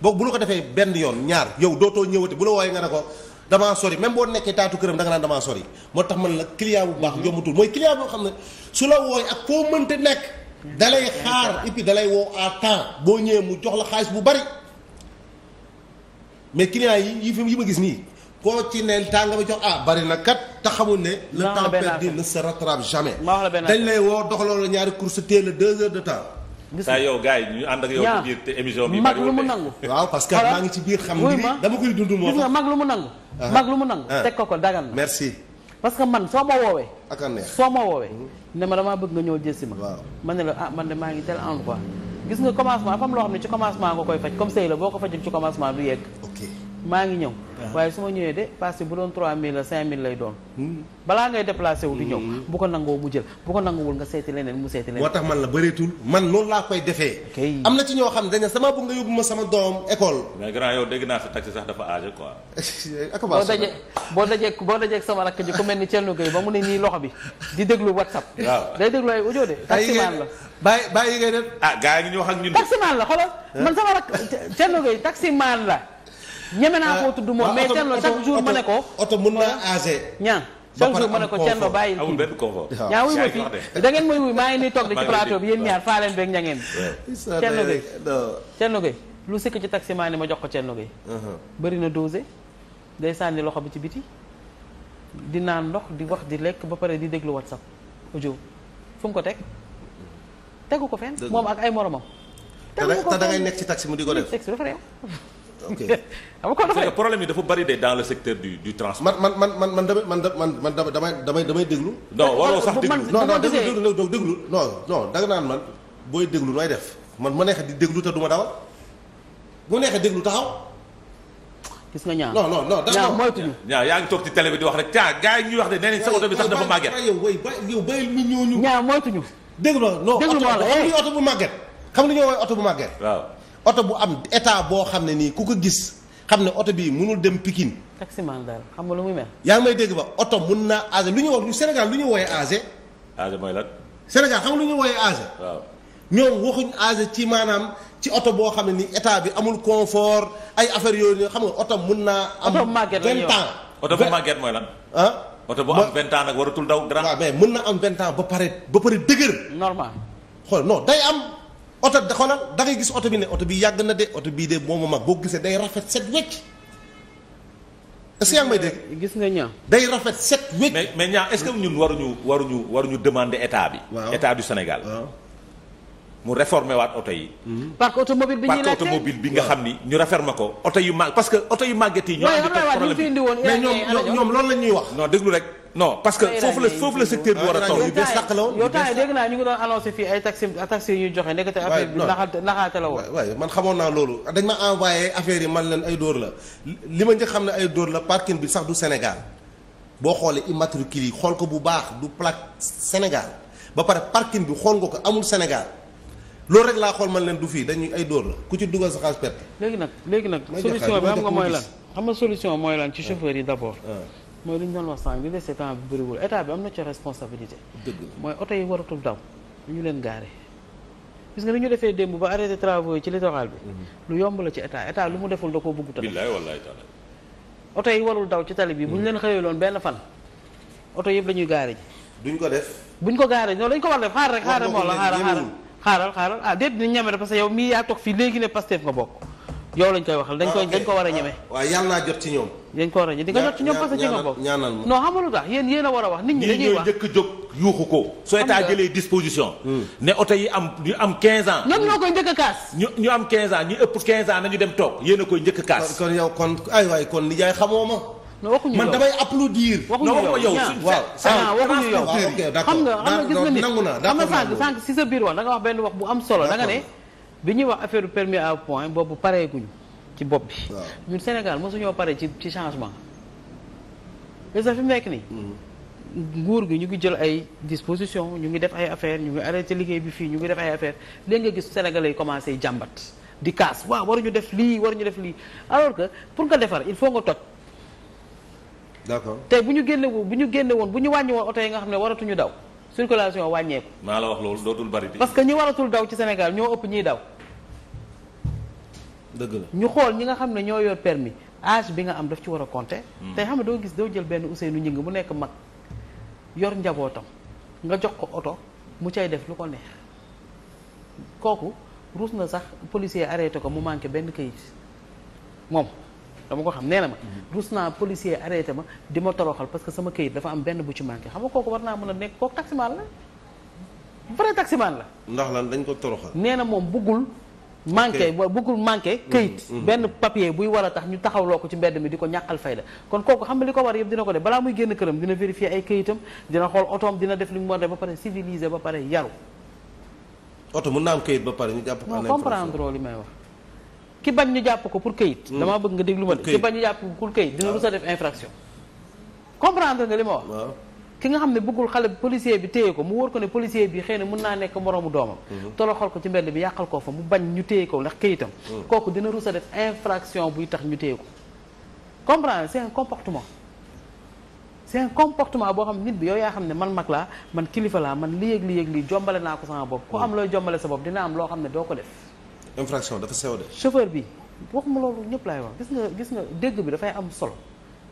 boo bu ñu ko defee benn yoon ñaar yow dootoo ñëwati bu la wooyee nga ne ko damaa sori même boo nekkee taatu këram da nga naan damaa sori moo tax man la client bu baax yombatul mooy client boo xam ne su la wooy ak koo mënta nekk dalay xaar et dalay woo à temps boo ñëwee mu jox la xaalis bu bari mais client yi yi fi yi ma gis nii koo ci ne tànga ba jox ah bari na kat te xamul ne le temps perdu ne se rattrape jamais dañ lay woo doxaloo la ñaari course téel la deux heures de temps saa yow gars yi ñu ànd ak yow. ci biir te émission bi mag lu mu nangu. waaw parce que maa ngi ci biir xam ni dama koy dund moo gis ah. ah. ko ko parce que man soo ma woowee. ak soo ma woowee. Mm-hmm. ne ma damaa bëgg nga ñëw jël si ma. waaw ma ne la ah man de maa ngi tel endroit. gis nga commencement fam loo xam ne ci commencement nga koy faj comme sëy la boo ko fajul ci commencement du yegg. maa ngi ñëw ah. waaye su ma ñëwee de passe bu doon 3000 la 5000 lay doon hmm. balaa ngay déplacé wu ñëw hmm. bu ko nangoo mu jël bu ko nanguwul nga seeti leneen mu seeti leneen moo tax man la bëreetul man noonu sama bëgg ma sama doom école mais grand yow boo dajee boo dajee boo dajee sama rakk ba mu ne nii loxo bi di déglu whatsapp def ah gars yi ñu wax ak ñun taximaan la xoolal ah. man sama rakk Thierno Gueye taximaan la ñeme naa koo tudd moom mais Thierno chaque jour ma ne ko. oto mën naa âgé. ñaan chaque jour ko Thierno bàyyi kii amul benn confort ñaa wuy ma fi da ngeen wuy maa ngi nii toog de ci plateau bi yéen ñaar faa leen beeg ña ngeen. Thierno Gueye lu sikk ci taxi maa ni ma jox ko Thierno Gueye. Uh-huh. bëri na dosé day sànni loxo bi ci biti di naan ndox di wax di lekk ba pare di déglu WhatsApp audio fu ko teg tegu ko fenn moom ak ay moromam. ko fenn te da nekk ci taxi mu di ko def taxi dafa réew ok xam nga dafay problème yi dafa bari de dans le secteur du du transport. man man man man damay man man damay damay damay déglu. non waroo sax déglu non non déglu non non naan man booy déglu nooy def man ma neex di déglu te du ma dawal bu neexee déglu taxaw. gis nga ñaar non non non. ñaar moytuñu ñaar yaa ngi di wax rek caa gars yi ñuy wax de nee nañ sa oto bi sax dafa màgget. waaye waaye yow bàyyi ñu ñooñu. ñaar moytuñu. déglu non non eh. oto bu màgget xam nga ñoo woy oto bu màgget waaw oto bu am état boo xam ne nii ku ko gis xam ne oto bii mënul dem Pikine. taximan daal xam nga lu muy mel. yaa may dégg ba oto mun naa âgé lu ñu wax lu Sénégal lu ñu wooyee âgé. âgé mooy lan. Sénégal xam nga lu ñu wooyee âgé. waaw ñoom waxuñ âgé ci maanaam ci oto boo xam ne nii état bi amul confort ay affaire yooyu xam nga oto mun naa. am vingt ans oto bu màgget mooy lan. ah oto bu am vingt nag waratul daw. grand waaw mais mun na am vingt ba pare ba pare dëgër. normal oto da xoolal da gis oto bi ne oto bi yàgg na de oto bii de moomu mag boo gisee day rafet set wecc est-ce que may dégg. gis nga ñaa day rafet set wecc. mais mais ñaa est-ce que ñun waruñu waruñu waruñu demander état bi. waaw état du Sénégal. waaw. mu réformer waat oto yi. Hmm. parc automobile bi ñuy laajte parc automobile que oto yu màgget yi. ñoo andi problème bi mais ñoom ñoom loolu la ñuy wax. non déglu rek non parce que foofu la foofu la secteur bi war a toll. yow taay dégg naa ñu ngi ay taxi ay taxi yu ñuy joxe nekkati affaire la woon. waaye man xamoon naa loolu dañ ma envoyé affaire yi man leen ay dóor la li ma njëkk xam ne ay dóor la parking bi sax du Sénégal boo xoolee immatricule yi xool ko bu baax du plaque Sénégal ba pare parking bi xool nga ko amul Sénégal loolu rek laa xool man leen du fii dañuy ay dóor la ku ci dugal sa xaalis léegi nag léegi nag solution bi xam nga mooy lan xam nga solution mooy lan ci ah. chauffeur yi d'abord. Ah. mooy li ñu doon wax sànq li des temps bi ñu leen gaare. gis nga ni ñu defee démb ba arrêté travaux yi ci littoral bi. Mhm. lu yomb la ci état état lu mu deful da ko bëgg tamit. billaay wallaay taala. oto yi warul daw ci tali bi. bu ñu mhm. leen xëyaloon benn fan. oto yëpp la ñuy gaare ji. duñ ko def. buñ ko gaare ji non dañ ko war def xaar rek. xaaral xaaral ah déet dinañ ñeme parce que yow mii yaa toog fii léegi ne Pastef nga bokk yow lañ koy waxal dañ koy ah, dañ ko war a ñeme ah, waaw yàlla naa jot ci ñoom dañ ko war a ñeme di nga jot ci ñoom parce a war a wax nit ñi dañuy hmm. ne oto yi am ñu am 15 ans ñoom ñoo koy njëkk a kaas ñu ñu am 15 ans ñu ëpp 15 ans nañu dem toog yéen a koy njëkk kaas kon yow kon ay waay kon li xamoo ma non waxuñu yow man damay applaudir. waxuñu yow waaw ah waxuñu ah, yow xam nga xam nga gis nga nit xam nga sànq sànq si sa biir wax da wax benn wax bu am solo da nga ne bi ñuy wax affaire permis à point boobu pareeguñu ci bopp bi. ñun Sénégal mosuñoo pare ci ci changement. mais sax fi mu nekk mm-hmm. gi ñu ngi jël ay disposition ñu ngi def ay affaire ñu ngi ci liggéey bi fii ñu ngi def ay affaire léegi nga gis Sénégalais yi commencé jàmbat di kaas waaw ñu def lii ñu def lii alors que pour nga defar il faut nga toj. d'accord tey bu ñu génne bu ñu génne woon bu ñu wàññi woon oto yi nga xam ne waratuñu daw circulation wàññeeku. maa la wax loolu dootul bari parce que ñi waratul daw ci Sénégal ñoo ëpp ñiy daw. ñu xool ñi nga xam ne ñoo yor permis âge bi nga am daf ci war a compter. Hmm. tey xam nga doo gis doo jël benn ñu Gningue mu nekk mag yor njabootam nga jox ko oto mu cay def lu ko neex kooku ruus na sax policier arrêté ko mu manqué benn kayit moom. dama ko xam nee na ma rus naa policier arrêté ma di ma toroxal parce que sama këyit dafa am benn bu ci manqué xam nga kooku war naa mën a nekk kooku taximaan la vrai taximaan la ndax lan dañ ko toroxal nee na moom buggul manqué wa buggul manqué këyit mhm, mhm. benn papier buy war a tax ñu taxawloo ko ci mbedd mi di ko ñàkkal fayda kon kooku xam nga li ko war yëpp dina ko def balaa muy génn këram dina vérifier ay kayitam dina xool otoom dina def li mu war def ba pare civilisé ba pare yaru oto mën naa am këyit ba jàpp ko comprendre li may wax ki bañ ñu jàpp ko pour kayit. Hmm. damaa bëgg nga déglu ma de ki bañ ñu jàpp ko pour kayit dina rus ah. a def infraction. comprendre nga li ma wax. ki nga xam ne bëggul xale policier bi téye ko mu wóor ko ne policier bi xëy na mun naa nekk moroomu doomam. Hmm. toroxal ko ci mbedd bi yàqal koo fa mu bañ ñu téye ko ndax kayitam. Hmm. kooku dina rus a def infraction buy tax ñu téye ko. comprendre c'est un comportement. c'est un boo xam nit bi yow yaa xam ne man mag laa man kilifa laa man lii yëg lii yëg lii jombale naa ko sama bopp ku am looy jombale sa bopp dina am loo xam ne doo ko def. infraction dafa sew de. chauffeur bi waxuma loolu ñëpp laay wax gis nga gis nga dégg bi dafay am solo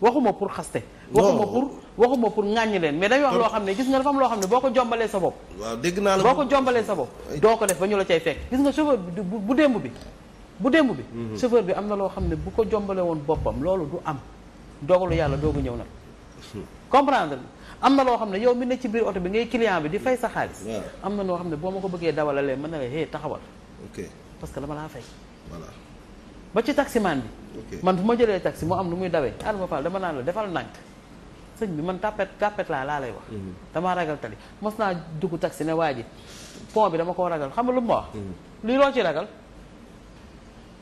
waxuma pour xaste. waxuma pour waxuma pour ŋàññi leen mais dañuy wax loo xam ne gis nga dafa am loo xam ne boo ko jombalee sa bopp. waaw naa la boo ko jombalee sa bopp doo def ba ñu la cay fekk. gis nga chauffeur bi bu démb bi bu démb bi. Mhm. chauffeur bi am na loo xam ne bu ko jombalee woon boppam loolu du am dogalu yàlla doogu ñëw nag. comprendre am na loo xam ne yow mi ne ci biir oto bi ngay client bi di fay sa xaalis. am na noo xam ne boo ma ko bëggee dawalalee mën na la hey taxawal. parce que dama laa fay. ba ci taximaan bi. man bu ma jëlee taxi moo am lu muy dawee Adama Fall dama naan la defal nànk sëñ bi man tàppet tàppet laa laa lay wax. Mhm. damaa ragal tali mos naa dugg taxi ne waa ji pont bi dama koo ragal xam nga lu ma wax. Mhm. lii loo ci ragal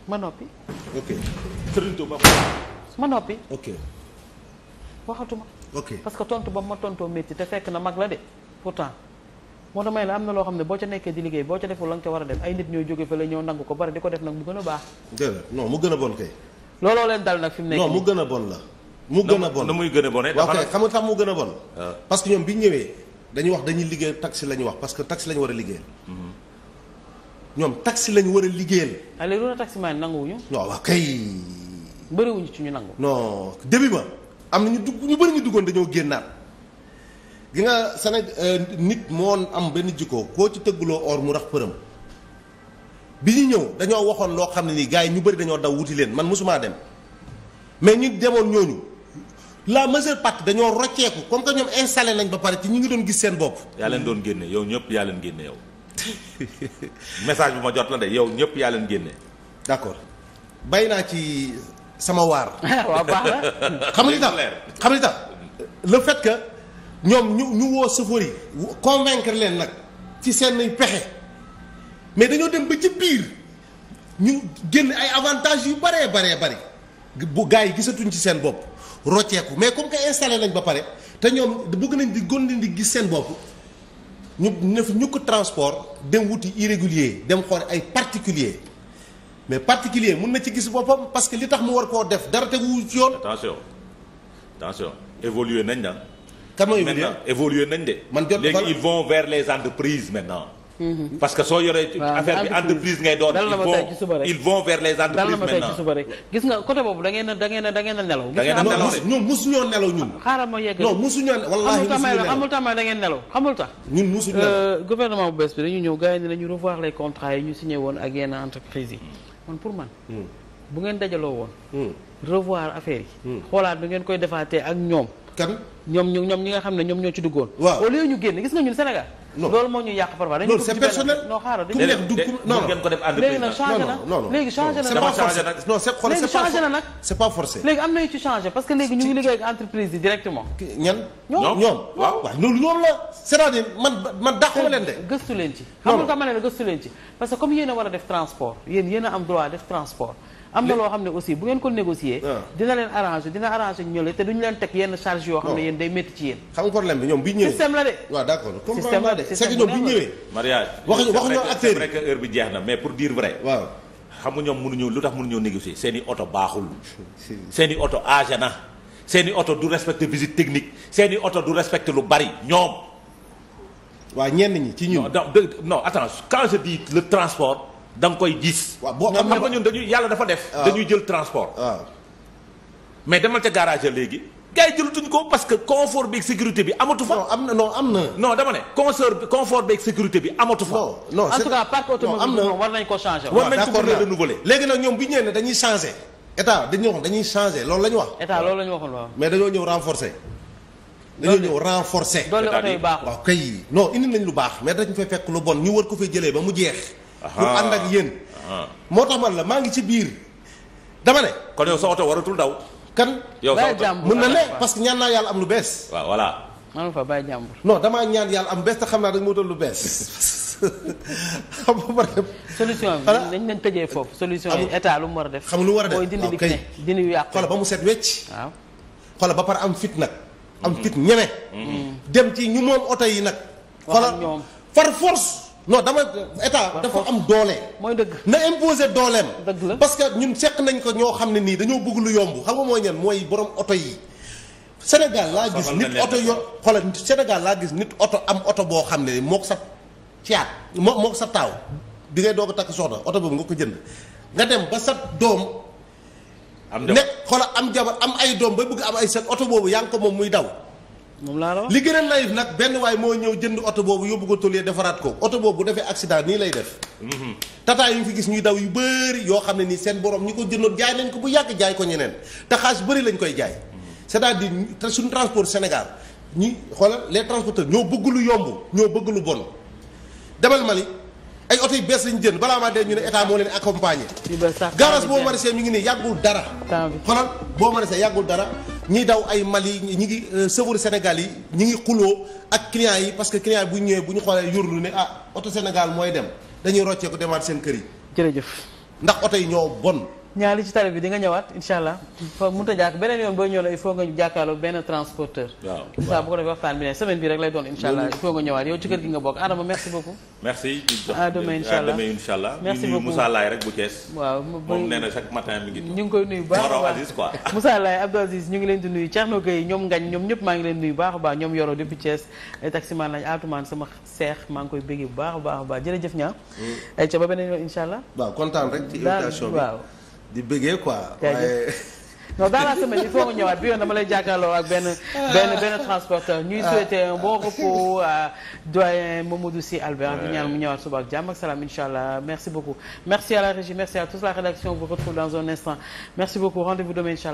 ma noppi. ok Serigne ma noppi. ok waxatuma. ok parce que tontu ba ma tontoo métti te fekk na mag la de pourtant. moo tax may la am na loo xam ne boo ca nekkee di liggéey boo ca deful la nga ca war a def ay nit ñooy jóge fa la ñëw nangu ko bari di ko def nag mu gën a baax non mu gën a bon kay looloo leen dal nag fi mu nekk non mu gën a bon la mu gën a bon na muy gën a bon eh, waaw kay xam nga tax mu gën a bon ah. parce que ñoom bi ñu ñëwee dañuy wax dañuy liggéey taxi la ñu wax parce que taxi la ñu war a liggéeyal mm-hmm. ñoom taxi lañ war a liggéeyal a léegi doona taxi man nanguwuñu non waaw kay bëriwuñu ci ñu nangu non début ba am na ñu dugg ñu bëri ñu duggoon dañoo génnaat gi nga sa sene euh, nit moon am benn jikko koo ci tëgguloo or mu rax përëm bi ñu ñëw dañoo waxoon loo xam ne nii gars yi ñu bëri dañoo daw wuti leen man mosumaa dem mais ñu demoon ñooñu la majeure partie dañoo rocceeku comme que ñoom installé nañ ba pare ci ñi ngi doon gis seen bopp. leen doon génne yow ñëpp yaa leen génne yow message bu ma jot la de yow ñëpp yaa leen génne. d'accord bay naa ci sama waar. waaw baax na xam nga li ñoom ñu ñu woo chauffeur yi convaincre leen nag ci seen pexe mais dañoo dem ba ci biir ñu génn ay avantages yu baree baree bari bu gars yi gisatuñ ci seen bopp rocceeku mais comme que installé nañ ba pare te ñoom bëgg nañ di gën di gis seen bopp ñu nef ñu ko transport dem wuti irrégulier dem xool ay particulier mais particulier mun na ci gis boppam parce que li tax mu war koo def dara teguwul ci yoon. attention attention évoluer nañ na. kan moo humilié évolué nañ de. man jot léegi ils vont vers les entreprises maintenant. Mhm. parce que soo yoree. affaire bi entreprise ngay doon. dal na ma tey ci suba rek ils vont vers les entreprises maintenant. gis nga côté boobu a da ngeen a a nelaw. da ngeen a nelaw de ñun mosuñoo nelaw ñun. Ah, xaaral ma yegg non mosuñoo wallaahi mosuñu nelaw amul tax da ngeen nelaw xamul tax. nelaw gouvernement bu bees bi dañu ñëw gars yi ne revoir les contrats yi ñu signé woon ak yenn entreprises yi. man pour man. Hmm. bu ngeen dajaloo woon. Hmm. revoir affaire yi. Hmm. xoolaat koy defaatee ak ñoom ñoom ñu ñoom ñi nga xam ne ñoom ñoo ci duggoon. waaw au lieu ñu génn gis nga ñun Sénégal. non loolu moo ñu yàq par rapport parce que léegi ñu ngi la c'est-à-dire man man dàquma leen de gëstu leen ci xam nga ma ne la gëstu ci parce que comme yéen war a def transport yéen am droit def transport am na loo xam ne aussi bu ngeen ko négocier ah. dina leen arranger dina arranger ñële te duñu leen teg yenn charge yoo xam ne yéen day métti ci yéen xam nga problème bi ñoom bi ñëwee système la de waaw d'accord comprendre naa de c'est que ñoom bi ñëwee mariage wax wax ñoo acteur c'est vrai que ñoom mënuñu lu tax mënuñu négocier seen oto baaxul seen i oto âgé na seen i oto du respecter visite technique seen i oto du respecter lu bari ñoom waaw ñenn ñi ci ñun non non attends quand je dis le transport da koy gis. waaw boo xam nga ñun dañuy yàlla dafa def. Ah. dañuy jël transport. Ah. mais demal ca garage léegi. gars yi jëlutuñ ko parce que confort bi ak sécurité bi amatu fa. non am na noo am na. noo demal ne confort confort bi ak sécurité bi amatu fa. non non en tout cas parc automobile moom war nañ ko changer. war nañ ko mën a renouveler. léegi nag ñoom bu ñu ne dañuy changer état dañuy wax dañuy changer loolu la ñu wax. état loolu la ñu waxoon waaw. mais dañoo ñëw renforcé dañoo ñëw renforcer. doole oto yu baax waaw kay non indi nañ lu baax mais dañ fay fekk lu bon ñu war ko fay jëlee ba mu jeex pour ànd ak yéen moo tax man la maa ngi ci biir dama ne kon yow sa oto waratul daw kan yow sa oto mën na ne parce que ñaan naa yàlla am lu bees waaw voilà man fa bàyyi jàmbur non damaa ñaan yàlla am bees te xam naa dañ moo doon lu bees xam nga war solution bi dañ leen tëjee foofu solution yi état lu mu a def xam lu war a def mooy dindi li ne yu yàq xoolal ba mu set wecc waaw ba pare am fit nag am mm-hmm. fit ñeme mm-hmm. dem ci ñu moom oto yi nag xoolal par force non dama état dafa am doole. mooy dëgg na imposer dooleem. dëgg la parce que ñun seq nañ ko ñoo xam ne nii dañoo bëgg lu yomb xam nga mooy ñan mooy borom oto yi. Sénégal laa gis nit oto yo xoolal Sénégal laa gis nit oto am oto boo xam ne moo ko sa caat moo moo ko sa taaw bi ngay doog a takk soxna oto boobu nga ko jënd nga dem ba sa doom. am nekk xoolal am jabar am ay doom ba bëgg am ay seen oto boobu yaa ngi ko moom muy daw. moom laa li gën a naïf nag benn waay moo ñëw jënd oto boobu yóbbu ko tollee defaraat ko oto boobu bu defee accident nii lay def. Mhm. tata yi ñu fi gis ñuy daw yu bëri yoo xam ne nii seen borom ñi ko jëndoon jaay nañ ko bu yàgg jaay ko ñeneen te xaalis bëri lañ koy jaay. Mhm. c'est-à-dire suñu transport Sénégal ñi xoolal les transporteurs ñoo bëgg lu yomb ñoo bëgg lu bon demal Mali. ay oto yu bees lañu jënd balaa maa dee ñu ne état moo leen accompagner. garage boo maraîcher ñu ngi ne yàggul dara. xolal boo maraîcher yàggul dara ñiy daw ay Mali ñi ngi euh, sëfur Sénégal yi ñi ngi xuloo ak client yi parce que client yi bu ñu bu ñu xoolee yurlu ne ah oto Sénégal mooy dem dañuy roccee ko demaat seen kër yi. jërëjëf ndax oto yi ñoo bon. ñaari ci bi di nga ñëwaat incha allah fa mënut a jàkk beneen yoon booy ñëw la il faut nga jàkkaarloo bi ne semaine bi rek lay doon incha allah il faut nga ñëwaat yow ci kër gi nga bokk Adama merci beaucoup. merci ñu ngi. koy nuyu baax a baax Aziz quoi. Moussa Laye Abdou Aziz ñu ngi leen di nuyu Thierno Gueye ñoom Ngañ ñoom ñëpp maa ngi leen nuyu baax a baax ñoom Yoro depuis Thiès taximan lañ Atumaan sama seex maa ngi koy bëggee bu baax a baax jërëjëf ñaa mm. ay ca ba beneen yoon incha waaw kontaan rek ci invitation bi waaw di bëggee quoi. waaye. non dans la semaine il faut nga ñëwaat bi yoon dama lay jàkkaarloo ak benn benn ah. benn transporteur ñuy souhaiter un bon ah. repos à doyen Mamadou Sy Albert di ñaan mu ñëwaat suba ak jàmm ak salaam incha allah merci beaucoup merci la régie merci a toute la rédaction vous retrouve dans un instant merci beaucoup rendez-vous demain incha